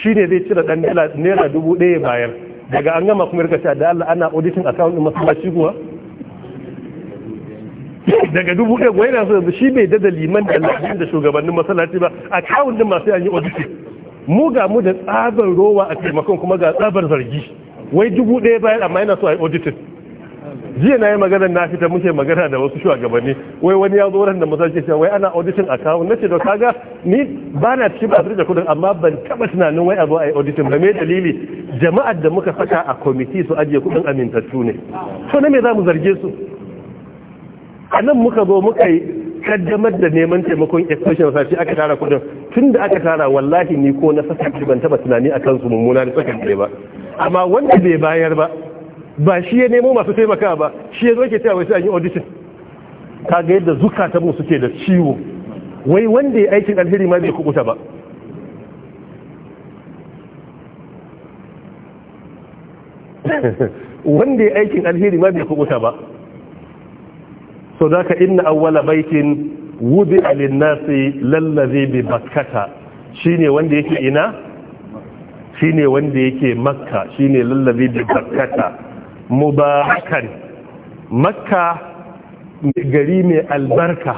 shine zai cire dan naira dubu ɗaya bayar daga an gama kuma rika da Allah ana auditing account din masallaci kuwa daga dubu ɗaya goyi na so shi bai dada liman da Allah da shugabannin masallaci ba account din masu yanyi auditing mu ga mu da tsabar rowa a taimakon kuma ga tsabar zargi wai dubu ɗaya bayan amma yana so a yi auditing jiya na yi magana na fita muke magana da wasu shugabanni wai wani ya zo wurin da masallaci cewa wai ana auditing account nace to kaga ni ba na cikin ba da kudin amma ban taba tunanin wai a zo a yi auditing ba me dalili jama'ar da muka saka a committee su ajiye kudin amintattu ne to na me za mu zarge su a nan muka zo muka yi kaddamar da neman taimakon expression sashi aka tara kudin tun da aka tara wallahi ni ko na saka ban taba tunani akan su mummuna da tsakan ba amma wanda bai bayar ba ba shi ya nemo masu taimaka ba shi ya zo ke cewa sai an yi audition kaga yadda zukata mu suke da ciwo wai wanda ya aikin alheri ma bai kubuta ba [LAUGHS] wanda ya aikin alheri ma bai kubuta ba so zaka inna awwala baitin wudi alinnasi lallazi bi bakkata shine wanda yake ina shine wanda yake makka shine lallazi bi bakkata mubarakan makka gari mai albarka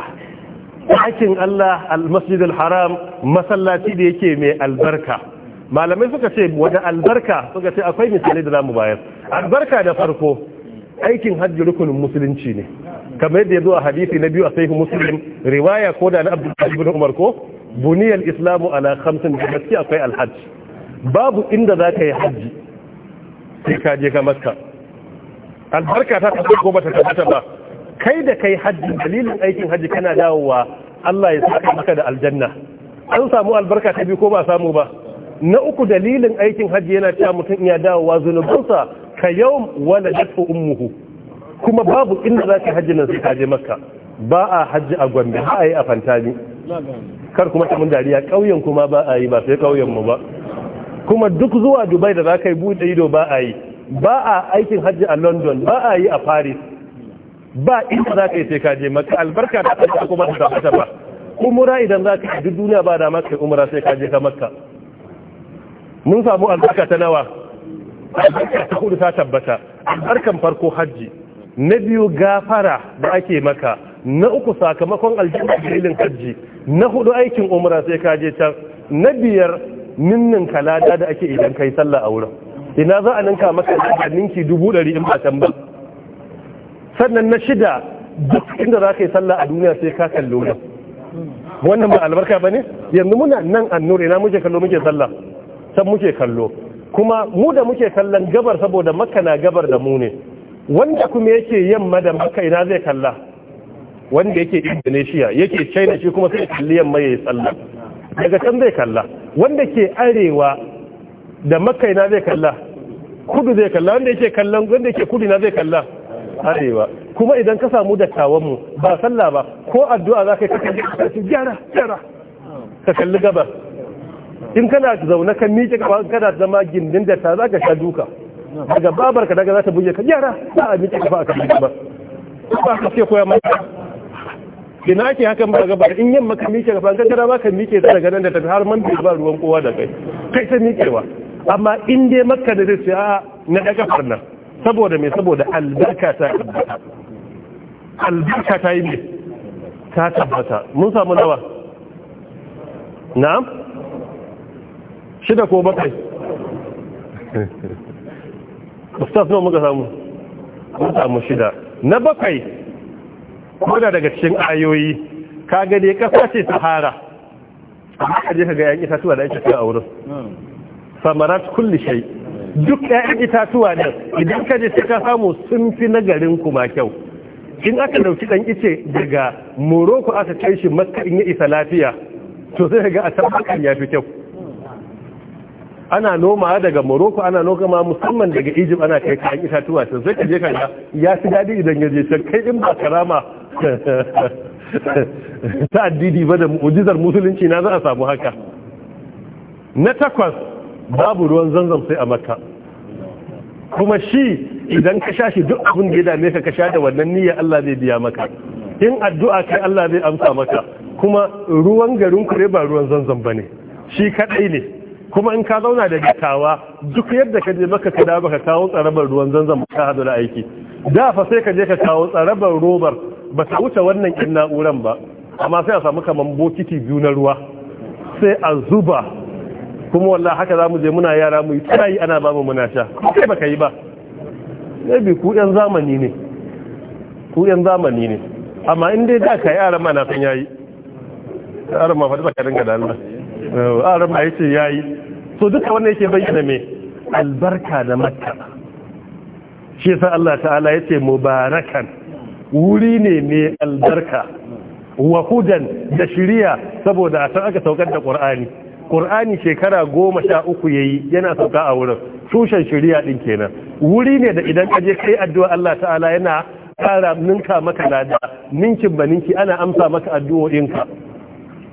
ɗakin Allah al-masjid al-haram masallaci da yake mai albarka malamai suka ce wajen albarka suka ce akwai misali da zamu bayar albarka da farko aikin hajji rukunin musulunci ne kamar yadda ya zo a hadisi na biyu a sai musulun riwaya ko da na abubuwan umar ko buniyar islamu ala hamsin da gaske akwai alhaji babu inda za ka yi hajji sai ka je ka makka albarka ta tabbata ko bata tabbata ba kai da kai hajji dalilin aikin hajji kana dawowa Allah ya saka maka da aljanna an samu albarka ta biyu ko ba samu ba na uku dalilin aikin hajji yana cewa mutum ya dawowa zunubansa ka yau wala jatu ummuhu kuma babu inda zaka hajji nan sai ka je makka ba a hajji a gombe ba a yi a fantani kar kuma ta mun dariya ƙauyen kuma ba a yi ba sai kauyen mu ba kuma duk zuwa dubai da za yi buɗe ido ba a yi ba a aikin hajji a london ba a yi a paris ba inda za ka yi sai ka je maka albarka da aka kuma da tabbata ba umura idan za ka duk duniya ba da maka umura sai ka je ka maka. mun samu albarka ta nawa albarka ta kudu ta tabbata albarkan farko hajji na biyu gafara da ake maka na uku sakamakon aljanna dalilin hajji na hudu aikin umura sai ka je can na biyar ninnin kalada da ake idan kai sallah a wurin ina za a ninka maka da ninki dubu ɗari in ba can ba sannan na shida duk inda za ka yi sallah a duniya sai ka kallo nan wannan ba albarka ba ne yanzu muna nan annur ina muke kallo muke sallah san muke kallo kuma mu da muke kallon gabar saboda makka na gabar da mu ne wanda kuma yake yamma da makka ina zai kalla wanda yake indonesia yake china shi kuma sai kalli yamma ya yi sallah daga can zai kalla wanda ke arewa da makai na zai kalla kudu zai kalla wanda yake kallon wanda yake kudu na zai kalla arewa kuma idan ka samu dattawan mu ba sallah ba ko addu'a za ka yi kake gyara gyara ka kalli gaba in kana zaune kan miƙe gaba in kana zama gindin da ta za ka sha duka daga babar ka daga za ta buge ka gyara za a miƙe gaba a kalli gaba ba ka ce koya mata ina ake hakan ba gaba in yamma ka miƙe gaba in ka gara ma ka miƙe daga nan da tafi har man bai ba ruwan kowa da kai kai ta miƙewa amma in dai makka da zai siya na daga farna saboda mai saboda albarka ta tabbata albarka ta yi mai ta tabbata mun samu nawa na'am shida ko bakai [LAUGHS] ustaz nawa muka samu mun samu shida na bakai kuna daga cikin ayoyi ka gani kasa ce sahara amma ka je ka ga yan itatuwa da ake kai a wurin hmm. samarat kulli shay duk ɗayan itatuwa ne idan ka je ka samu sun fi na garin kuma kyau in aka dauki dan ice daga Morocco aka kai shi Makka in ya isa lafiya to sai ga a tabbakan ya fi kyau ana noma daga Morocco ana noma musamman daga Egypt ana kai kayan itatuwa to sai ka je ka ya fi dadi idan ya je can kai in ba karama [LAUGHS] ta addini ba da mu'jizar musulunci na za a samu haka na takwas babu ruwan zanzam sai a mata kuma shi idan ka sha duk abin da ne ka ka sha da wannan niyyar Allah zai biya maka in addu'a kai Allah zai amsa maka kuma ruwan garin ku ba ruwan zanzam bane shi kadai ne kuma in ka zauna da dattawa duk yadda ka je maka ka dawo ka kawo tsarabar ruwan zanzam ka hadu da aiki da fa sai ka je ka kawo tsarabar robar ba ta wuce wannan kin na'uran ba amma sai a samu kamar bokiti biyu na ruwa sai a zuba kuma wallah haka za mu je muna yara mu yi tana yi ana ba mu muna sha kai baka yi ba ne ku yan zamani ne ku yan zamani ne amma in dai da ka yi arama na san yayi ma fa baka dinga da Allah ma yace yayi so duka wannan yake bayyana me albarka da makka shi yasa Allah ta'ala yace mubarakan wuri ne mai albarka wa hudan da shiriya saboda a san aka saukar da qur'ani ƙur'ani shekara goma sha uku ya yi yana sauka a wurin tushen shari'a ɗin kenan wuri ne da idan ka je kai addu'a Allah ta'ala yana ƙara ninka maka lada ninkin ba ninki ana amsa maka addu'o'inka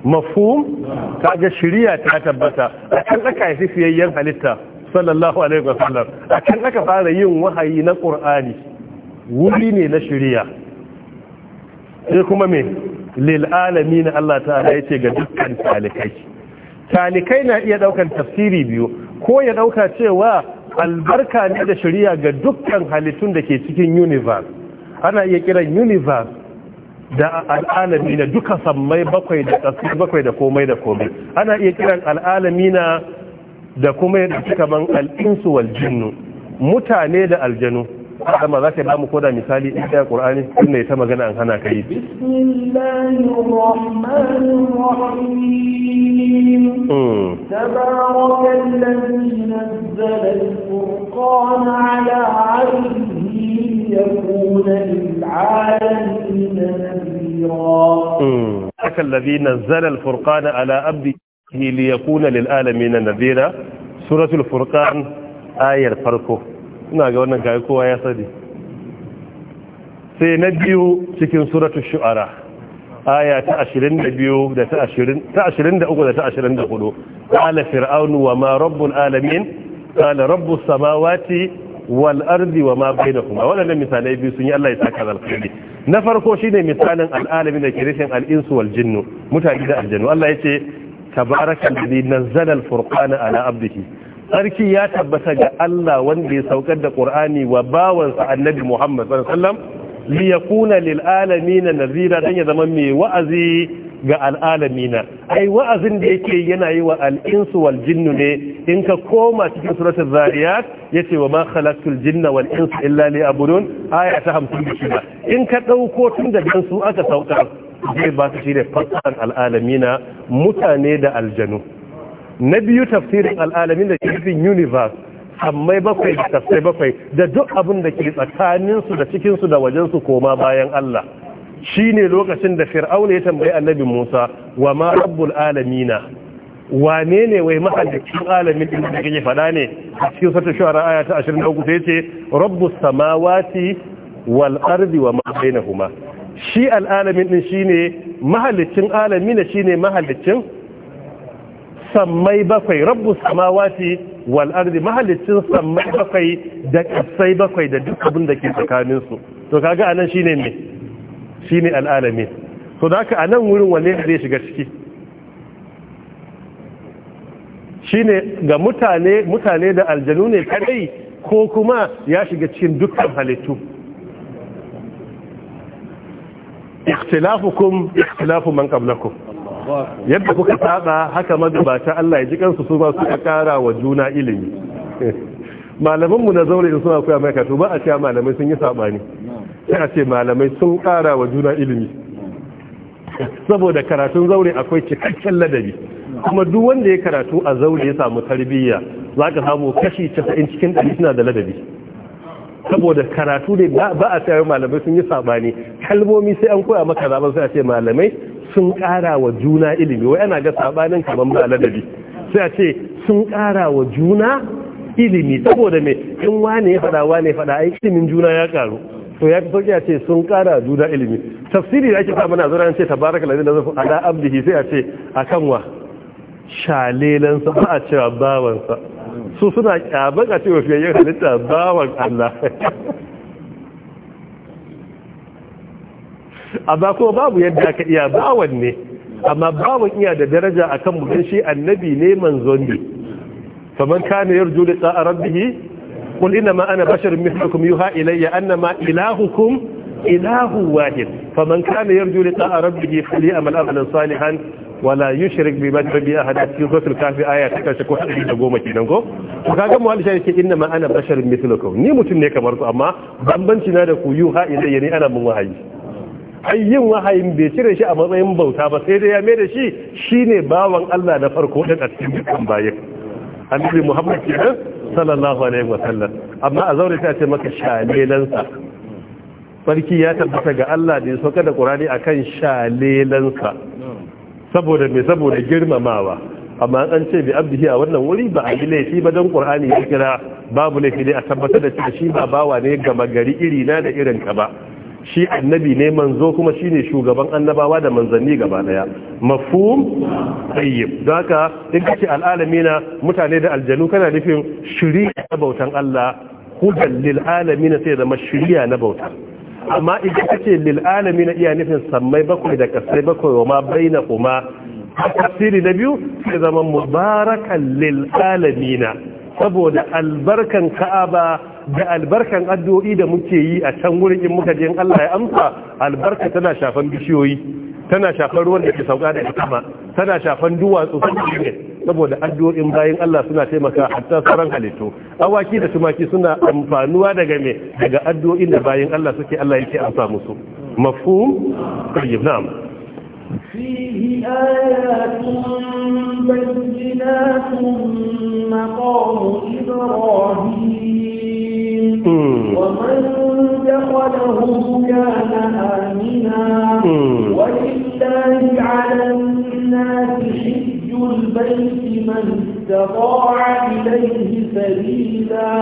mafhum ga shari'a ta tabbata a kan aka yi fiyayyen halitta sallallahu alaihi wasallam a kan aka fara yin wahayi na ƙur'ani wuri ne na shari'a sai kuma me lil alamin Allah ta'ala yace ga dukkan talikai talikai na iya daukan tafsiri biyu ko ya dauka cewa albarka ne da shari'a ga dukkan halittun da ke cikin universe ana iya kiran universe da al'alami na duka sammai bakwai da bakwai da komai da komai ana iya kiran al'alami na da kuma yadda suka man al'insu wal jinnu mutane da aljanu kama za ka ba mu koda misali ita ɗaya ƙur'ani tun ta magana an hana ka yi تبارك الذي نزل الفرقان على عبده ليكون للعالمين نذيرا تبارك الذي نزل الفرقان على عبده ليكون للعالمين نذيرا سورة الفرقان آية الفرقه ina ga wannan kayi kowa ya sani sai na biyu cikin suratu shu'ara aya ta 22 da ta 20 ta 23 da ta 24 qala fir'aunu wa ma rabbul alamin qala rabbus samawati wal ardi wa ma bainahuma wannan misalai biyu sun yi Allah ya saka alkhairi na farko shine misalin al'alamin da ke rikin al'insu wal jinnu mutane da aljanu Allah ya ce tabaraka alladhi nazzala al-furqana ala abdihi Sarki ya tabbata ga Allah wanda ya saukar da Qur'ani wa bawansa Annabi Muhammad sallallahu alaihi wasallam li yakuna lil alamin nazira dan ya zama mai wa'azi ga al'alamina ai wa'azin da yake yana yi wa al'insu wal jinnu ne in ka koma cikin suratul zariyat yace wa ma khalaqtul jinna wal insa illa liya'budun aya ta 56 in ka dauko tun da gansu aka saukar zai ba su shine fasahan al'alamina mutane da aljanu na biyu tafsirin al'alamin da ke nufin universe sammai bakwai da tafsai bakwai da duk abin da ke tsakaninsu da cikinsu da wajensu koma bayan Allah shi ne lokacin da fir'auna ya tambayi annabi musa wa ma rabbul alamina wane ne wai mahallicin alamin din da kake faɗa ne a cikin sata shuhara aya ta 23 sai ce rabbus samawati wal ardi wa ma bainahuma shi al'alamin din shine mahallicin alamin shine mahallicin sammai bakwai rabbu samawati wal ardi mahallicin sammai bakwai da kasai bakwai da duk abin da ke tsakanin su to kaga anan shine ne shine al'alamin to da haka anan wurin wanne zai shiga ciki shine ga mutane mutane da aljanu ne kadai ko kuma ya shiga cikin dukkan halittu ikhtilafukum ikhtilafu man qablakum yadda kuka tsada haka magabata Allah ya ji kansu su ba su kara wa juna ilimi malaman mu na zaure in suna koya mai kato ba a cewa malamai sun yi sabani sai a ce malamai sun kara wa juna ilimi saboda karatun zaure akwai cikakken ladabi kuma duk wanda ya karatu a zaure ya samu tarbiyya ka samu kashi 90 cikin 100 suna da ladabi saboda karatu ne ba a cewa malamai sun yi sabani kalmomi sai an koya maka zaban sai a ce malamai sun ƙara wa juna ilimi wai ana ga sabanin kamar ba ladabi sai a ce sun ƙara wa juna ilimi saboda me in wane ya faɗa wane ya faɗa ilimin juna ya ƙaru to ya fi a ce sun ƙara juna ilimi tafsiri da ake sa mana zuwa ce tabaraka zafi a ala abdihi sai a ce akan wa shalelansa ba a su suna ce wa fiye yin halitta bawan Allah [LAUGHS] amma kuma babu yadda aka iya bawan ne amma bawan iya da daraja akan mutum shi annabi ne manzon ne faman kana yarju li ta'a rabbih qul inna ma ana basharun mithlukum yuha ilayya annama ilahukum ilahu wahid faman kana yarju li ta'a rabbih falyamal amalan salihan wala yushrik bi madribi ahada cikin suratul kafi aya ta karshe ko goma kenan ko to kaga mu alisha yake inna ma ana basharun mithlukum ni mutum ne kamar ku amma bambanci na da ku yuha ilayya ni ana mun wahayi ai yin wahayin bai cire shi a matsayin bauta ba sai dai ya mai da shi Shi ne bawan Allah na farko da cikin dukkan bayin annabi Muhammad kenan sallallahu alaihi wa sallam amma a zaure ta ce maka shalelansa Farki ya tabbata ga Allah da ya sauka da Qur'ani akan shalelansa saboda me saboda girmamawa amma an ce bi abdihi a wannan wuri ba a yi laifi ba don Qur'ani ya kira babu laifi ne a tabbatar da cewa shi ba bawa ne gama gari iri na da irin ka ba shi annabi ne manzo kuma shine shugaban annabawa da manzanni gaba daya mafhum tayyib don haka in kace al'alamina mutane da aljanu kana nufin shari'a bautan Allah hudan lil alamina sai zama shari'a na bauta amma idan ce lil alamina iya nufin sammai bakwai da kasai bakwai wa ma baina kuma tafsiri na biyu sai zama mubarakan lil alamina saboda albarkan ka'aba da albarkan addu'o'i da muke yi a can wurin in muka je Allah ya amsa albarka tana shafan bishiyoyi tana shafan ruwan da ke sauka da kama tana shafan duwatsu saboda addu'o'in bayin Allah suna taimaka hatta sauran halittu awaki da tumaki suna amfanuwa daga me daga addu'o'in da bayan Allah suke Allah yake amsa musu mafhum tayyib na'am فيه آيات بينات مقام إبراهيم ومن دخله كان آمنا ولله على الناس حج البيت من استطاع إليه سبيلا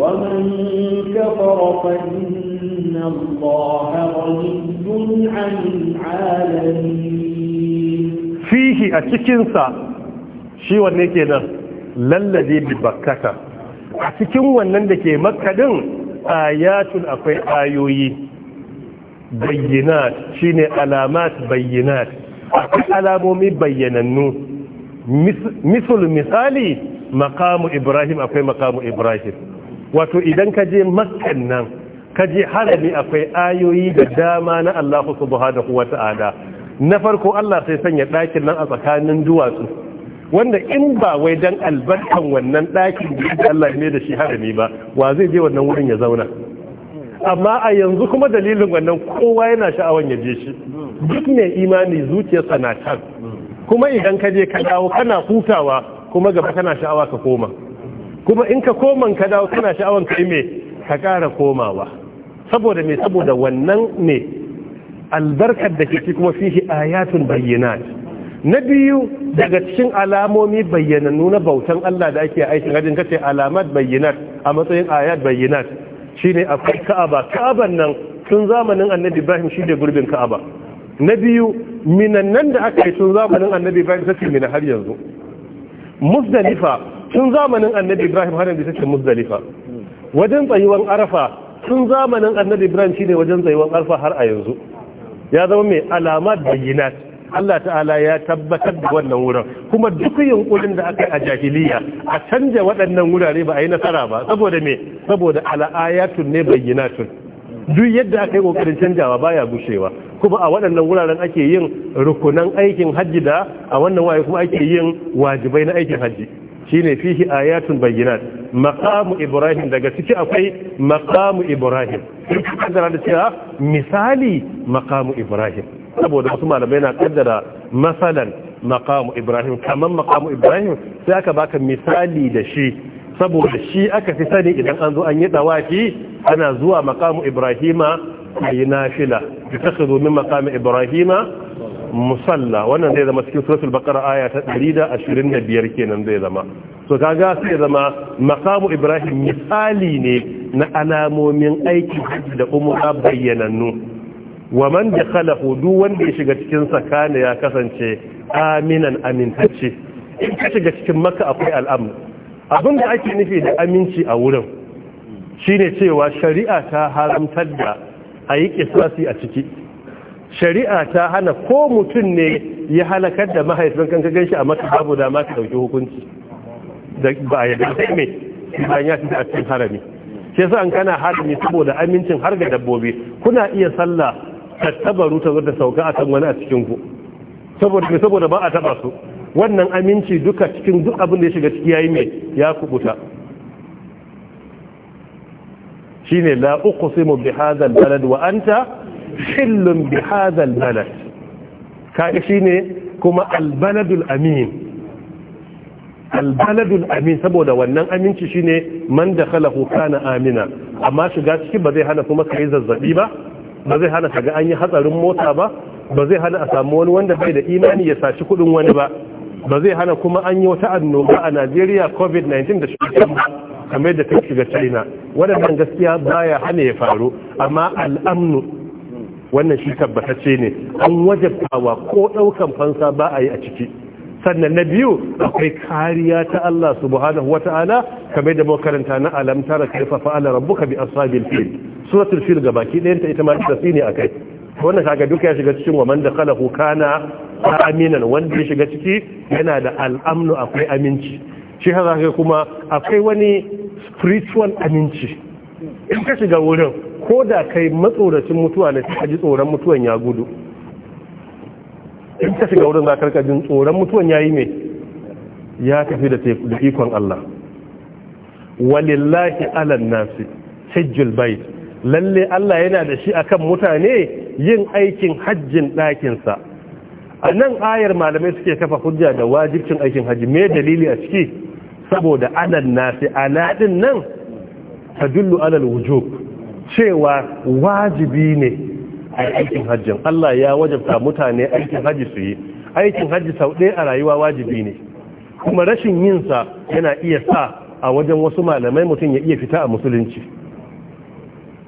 ومن كفر فإن الله غني عن العالم a cikinsa shi wanne ke nan lallabe bi bakkata a cikin wannan da ke makkadin ayatun akwai ayoyi bayyinat shine alamat bayyinat akwai alamomi bayyanannu misul misali makamu ibrahim akwai makamu ibrahim wato idan ka je makkan nan ka je harami akwai ayoyi da dama na allahu subhanahu wa ta'ala na farko Allah sai sanya ɗakin nan a tsakanin duwatsu wanda in ba wai dan albarkan wannan ɗakin da Allah ne da shi harami ba wa zai je wannan wurin ya zauna amma a yanzu kuma dalilin wannan kowa yana sha'awan ya je shi duk mai imani zuciyarsa na can kuma idan ka je ka dawo kana hutawa kuma gaba kana sha'awa ka koma kuma in ka koma ka dawo kana sha'awan kai me ka ƙara komawa saboda me saboda wannan ne albarkar da ke kuma kuma fihi ayatun bayyana na biyu daga cikin alamomi bayyanannu na bautan Allah da ake aikin hajjin kace alamat bayyinat a matsayin ayat bayyinat shine akwai ka'aba ka'aban nan tun zamanin annabi Ibrahim shi da gurbin ka'aba na biyu minan nan da aka yi tun zamanin annabi Ibrahim sai mina har yanzu muzdalifa tun zamanin annabi Ibrahim har yanzu sai muzdalifa wajen tsayuwan arafa tun zamanin annabi Ibrahim shine wajen tsayuwan arafa har a yanzu ya zama mai alamat bayyinat Allah ta'ala ya tabbatar da wannan wurin kuma duk yunkurin da aka yi a jahiliya a canja waɗannan wurare ba a yi nasara ba saboda me saboda al'ayatun ne bayyinatun duk yadda aka yi kokarin canjawa baya gushewa kuma a waɗannan wuraren ake yin rukunan aikin hajji da a wannan waye kuma ake yin wajibai na aikin hajji shine fihi ayatun bayyinat maqamu ibrahim daga ciki akwai maqamu ibrahim in ka kaddara da cewa misali maqamu ibrahim saboda wasu malamai na kaddara masalan maqamu ibrahim kaman maqamu ibrahim sai aka baka misali da shi saboda shi aka fi sani idan an zo an yi dawaki ana zuwa maqamu ibrahima ayi nafila ta min maqamu ibrahima musalla wannan zai zama cikin suratul baqara aya ta 125 kenan zai zama so kaga sai zama maqamu ibrahim misali ne na alamomin aiki da umra bayyanannu wa man dakhalahu du wanda ya shiga cikin sakana ya kasance aminan amintacce in ka shiga cikin makka akwai Abin da ake nufi da aminci a wurin shine cewa shari'a ta haramtar da a yi kisasi a ciki shari'a ta hana ko mutum ne ya halakar da mahaifin kan kagan shi a maka babu dama ta dauki hukunci da ba ya da sai me bayan ya fita a cikin harami sai sa an kana harami saboda amincin har ga dabbobi kuna iya sallah tattabaru ta da sauka akan wani a cikin ku saboda me saboda ba a taba su wannan aminci duka cikin duk abin da ya shiga ciki yayi me ya kubuta shine la uqsimu bi hadha al-balad wa anta hillun bi hadha albalad kaga shine kuma albaladul amin albaladul amin saboda wannan aminci shine man dakhalahu na amina amma shiga ciki ba zai hana kuma kai zazzabi ba ba zai hana kaga an yi hatsarin mota ba ba zai hana a samu wani wanda bai da imani ya saci kudin wani ba ba zai hana kuma an yi wata annoba a Najeriya covid-19 da shiga kamar da ta shiga China waɗannan gaskiya baya hana ya faru amma al'amnu wannan shi tabbatacce ne an wajabtawa ko daukan fansa ba a yi a ciki sannan na biyu akwai kariya ta Allah subhanahu wata'ala kamar da makaranta na alam tara kaifa fa'ala rabbuka bi ashabil fil suratul fil gabaki ɗayan ta ita ma ta ne akai wannan kaga duka ya shiga cikin wa man dakhalahu kana aminan wanda ya shiga ciki yana da al'amnu akwai aminci shi haka kuma akwai wani spiritual aminci in ka shiga wurin ko da kai matsoracin mutuwa ne ka ji tsoron mutuwan ya gudu in ka shiga wurin zakar ka jin tsoron mutuwan ya yi mai ya tafi da ikon Allah walillahi alan nasi hajjul bait lalle Allah yana da shi akan mutane yin aikin hajjin ɗakinsa a nan ayar malamai suke kafa hujja da wajibcin aikin hajji me dalili a ciki saboda alan nasi ala din nan tadullu alal wujub cewa wajibi ne a aikin hajjin Allah ya wajabta mutane aikin hajji su yi aikin hajji sau ɗaya a rayuwa wajibi ne kuma rashin yinsa yana iya sa a wajen wasu malamai mutum ya iya fita a musulunci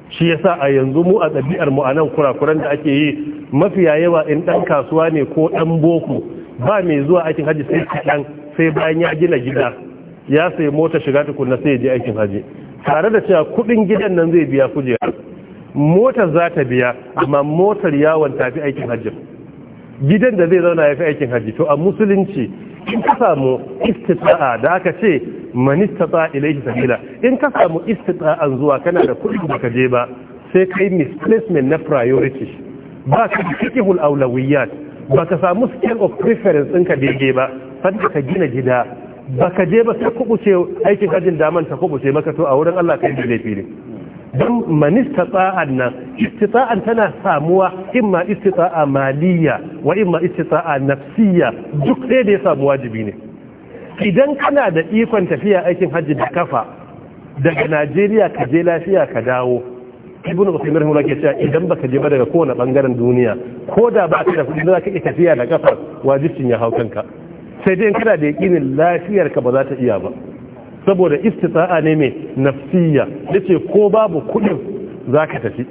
shi ya sa a yanzu mu a ɗabi'ar mu a nan kurakuran da ake yi mafi yawa in ɗan kasuwa ne ko ɗan boko ba mai zuwa aikin hajji sai kaɗan sai bayan ya gina gida ya sai mota shiga tukunna sai ya je aikin hajji tare da cewa kudin gidan nan zai biya kujera motar za ta biya amma motar yawon tafi aikin hajji gidan da zai zauna ya fi aikin hajji to a musulunci in ka samu istita'a da aka ce manista manistata ilaihi sabila in ka samu istita'an zuwa kana da kudin da ka je ba sai kai misplacement na priority ba ka fiqhul awlawiyat ba ka samu scale of preference ka daidai ba sanda ka gina gida baka je ba ta kubuce aikin hajjin daman ta kubuce maka to a wurin Allah kai da laifi ne don manista tsa'an nan istitsa'an tana samuwa imma istitsa'a maliya wa imma istitsa'a nafsiya duk sai da ya samu wajibi ne idan kana da ikon tafiya aikin hajji da kafa daga Najeriya ka je lafiya ka dawo Ibn usaimin rahimahullah ke cewa idan baka je ba daga kowane bangaren duniya ko da ba ka da kuɗi za ka iya tafiya da kafa wajibcin ya hau kanka sai dai kana da yakinin lafiyarka ba za ta iya ba saboda istita'a ne mai nafsiyya nace ko babu kudin ka tafi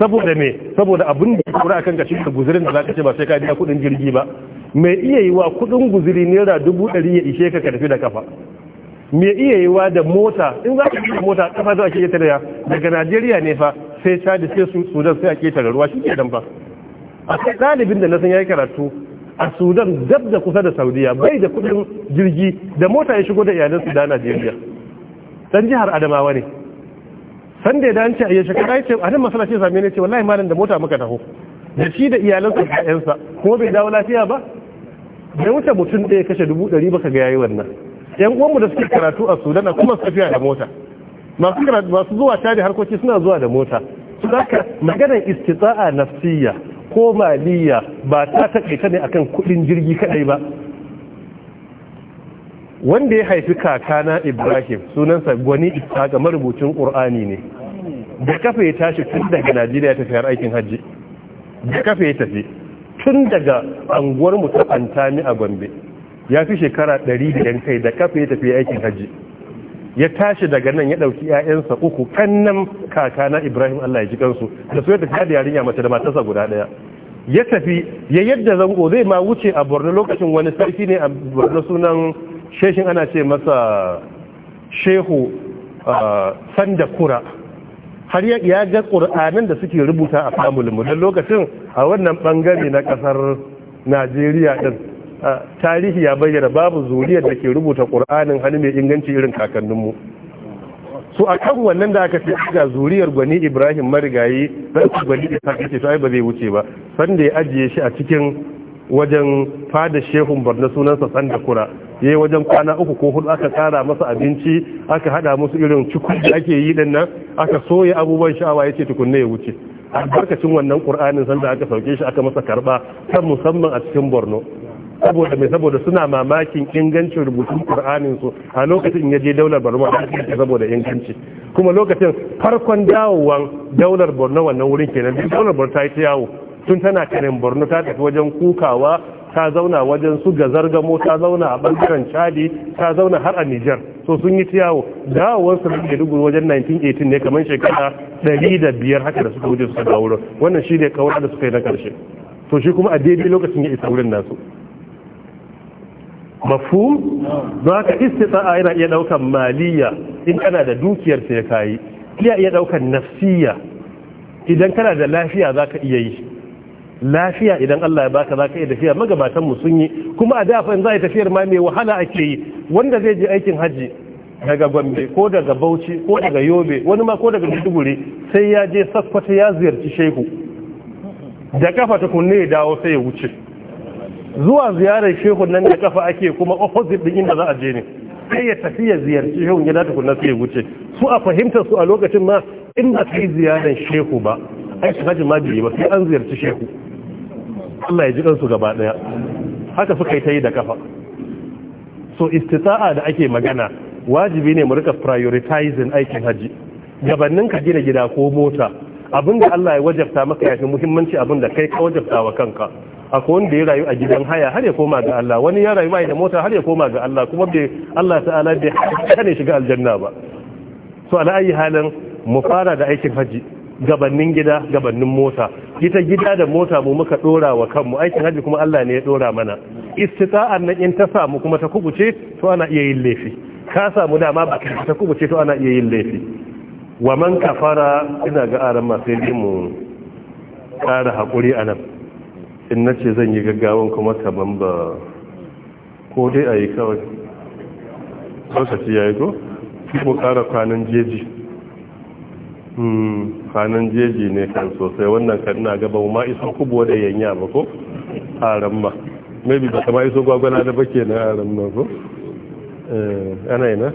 saboda me saboda abin da kura kan gashi da guzirin da za ka ce ba sai ka biya kudin jirgi ba mai iya yi wa kudin guziri naira dubu ɗari ya ishe ka ka tafi da kafa me iya yi wa da mota in za ka tafi mota kafa za a ke tare daga Najeriya ne fa sai Chad sai Sudan sai a ke ta ruwa shi ke dan fa a kai ɗalibin da na san ya yi karatu a sudan dab da kusa da saudiya bai da kudin jirgi da mota ya shigo da iyalin su da najeriya dan jihar adamawa ne san da an ce a shiga kai ce a nan ce same ne ce wallahi malam da mota muka taho da shi da iyalin su da yansa kuma bai dawo lafiya ba da wuce mutum ɗaya kashe dubu ɗari baka ga yayi wannan yan uwanmu da suke karatu a sudan a kuma tafiya da mota masu zuwa tare harkoki suna zuwa da mota su zaka maganar istitsa'a nafsiyya ko maliya ba ta taƙaita ne akan kudin jirgi kadai ba wanda ya haifi kakana ibrahim sunansa gwani ga marubucin ƙur'ani ne da kafa ya tashi tun daga najeriya ta fayar aikin hajji da kafa ya tafi tun daga anguwar ta antami a gombe ya fi shekara 100 da kai da kafa ya tafi aikin hajji ya tashi daga nan ya ɗauki 'ya'yansa uku kannan kakana ibrahim allah ya ji kansu da su yadda tafi da yarinya mace da matarsa guda ɗaya ya tafi ya yadda zango zai ma wuce a borno lokacin wani sarki ne a borno sunan sheshin ana ce masa shehu sanda kura har ya ga ƙur'anin da suke rubuta a famulinmu don lokacin a wannan bangare na ƙasar najeriya din. tarihi ya bayyana babu zuriyar da ke rubuta qur'anin hannu mai inganci irin kakanninmu su a kan wannan da aka ce ga zuriyar gwani ibrahim marigayi su gwani da kace to ai ba zai wuce ba sanda ya ajiye shi a cikin wajen fada shehun barna sunansa sanda kura Ya yi wajen kwana uku ko hudu aka tsara masa abinci aka hada musu irin cikin da ake yi din nan aka soya abubuwan sha'awa ya yace tukunna ya wuce albarkacin wannan qur'anin sanda aka sauke shi aka masa karba kan musamman a cikin borno saboda mai saboda suna mamakin ingancin rubutun qur'anin su a lokacin ya je daular borno da saboda inganci kuma lokacin farkon dawowan daular borno wannan wurin kenan daular borno ta yi yawo tun tana kanin borno ta tafi wajen kukawa ta zauna wajen su ga zargamo ta zauna a bangaren chadi ta zauna har a Nijar. so sun yi tiyawo dawowar su da dubu wajen 1918 ne kamar shekara 105 haka da suka wuce su dawo wannan shi ne kawar da suka yi na karshe to shi kuma a daidai lokacin ya isa wurin nasu mafum don haka istita'a yana iya daukan maliyya in kana da dukiyar sai kayi iya iya daukan nafsiya idan kana da lafiya za ka iya yi lafiya idan Allah ya baka ka iya tafiya magabatan mu sun yi kuma a dafa in za a tafiyar ma mai wahala ake yi wanda zai je aikin hajji. daga Gombe ko daga Bauchi ko daga Yobe wani ma ko daga Maiduguri sai ya je Sokoto ya ziyarci Shehu da kafa ta kunne ya dawo sai ya wuce zuwa ziyarar shehun nan da kafa ake kuma opposite din inda za a je ne sai ya tafi ya ziyarci shehun gida tukunna sai ya wuce su a fahimtar su a lokacin ma in ba kai ziyarar shehu ba ai shi hajji ma bai ba sai an ziyarci shehu Allah ya ji kansu gaba daya haka suka yi ta yi da kafa so istita'a da ake magana wajibi ne mu rika prioritizing aikin haji Gabanin ka gina gida ko mota abinda Allah ya wajabta maka yafi muhimmanci abinda kai ka wajabta wa kanka akwai wanda ya rayu a gidan haya har ya koma ga Allah wani ya rayu mai da mota har ya koma ga Allah kuma bai Allah ta'ala bai hane shiga aljanna ba so ala ayi halin mu fara da aikin haji gabannin gida gabannin mota ita gida da mota mu muka dora wa kanmu aikin haji kuma Allah ne ya dora mana istita'an nan in ta samu kuma ta kubuce to ana iya yin laifi ka samu dama ba ka ta kubuce to ana iya yin laifi wa man kafara ina ga aran masu mu kara haƙuri a nan in na ce zan yi gaggawan kuma kamar ba ko dai a yi kawai lokaci ya yi ko mu kara kwanan jeji hmm, kwanan jeji ne kan sosai wannan kan na gaba ma iso kubo da yanya ba ko a ramma maybe ba kama iso gwagwana da bake na a ramma ko eh, ana yi na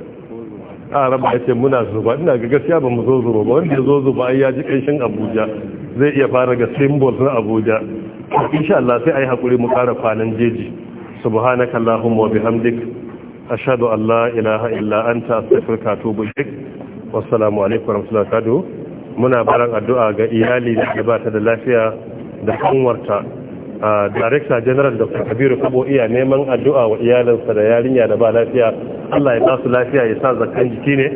a ramma ya ce muna zuba ina ga gaskiya ba mu zo zuba ba wanda ya zo zuba ya ji kanshin abuja zai iya fara ga symbols na abuja insha Allah sai yi hakuri mu ƙara kwanan jeji subhanaka allahumma wa bihamdik ashhadu allah ilaha illa anta astaghfiruka wa atubu ilaik wassalamu alaikum warahmatullahi wabarakatuh muna baran addu'a ga iyali da ba ta da lafiya da kanwarta director general dr kabiru kabo iya neman addu'a wa iyalinsa da yarinya da ba lafiya Allah ya ba su lafiya ya sa zakan jiki ne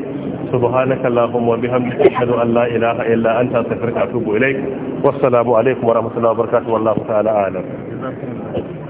subhanaka allahumma wa bihamdika ashhadu an la ilaha illa anta astaghfiruka wa atubu ilaik wassalamu alaikum wa rahmatullahi wa barakatuh wallahu ta'ala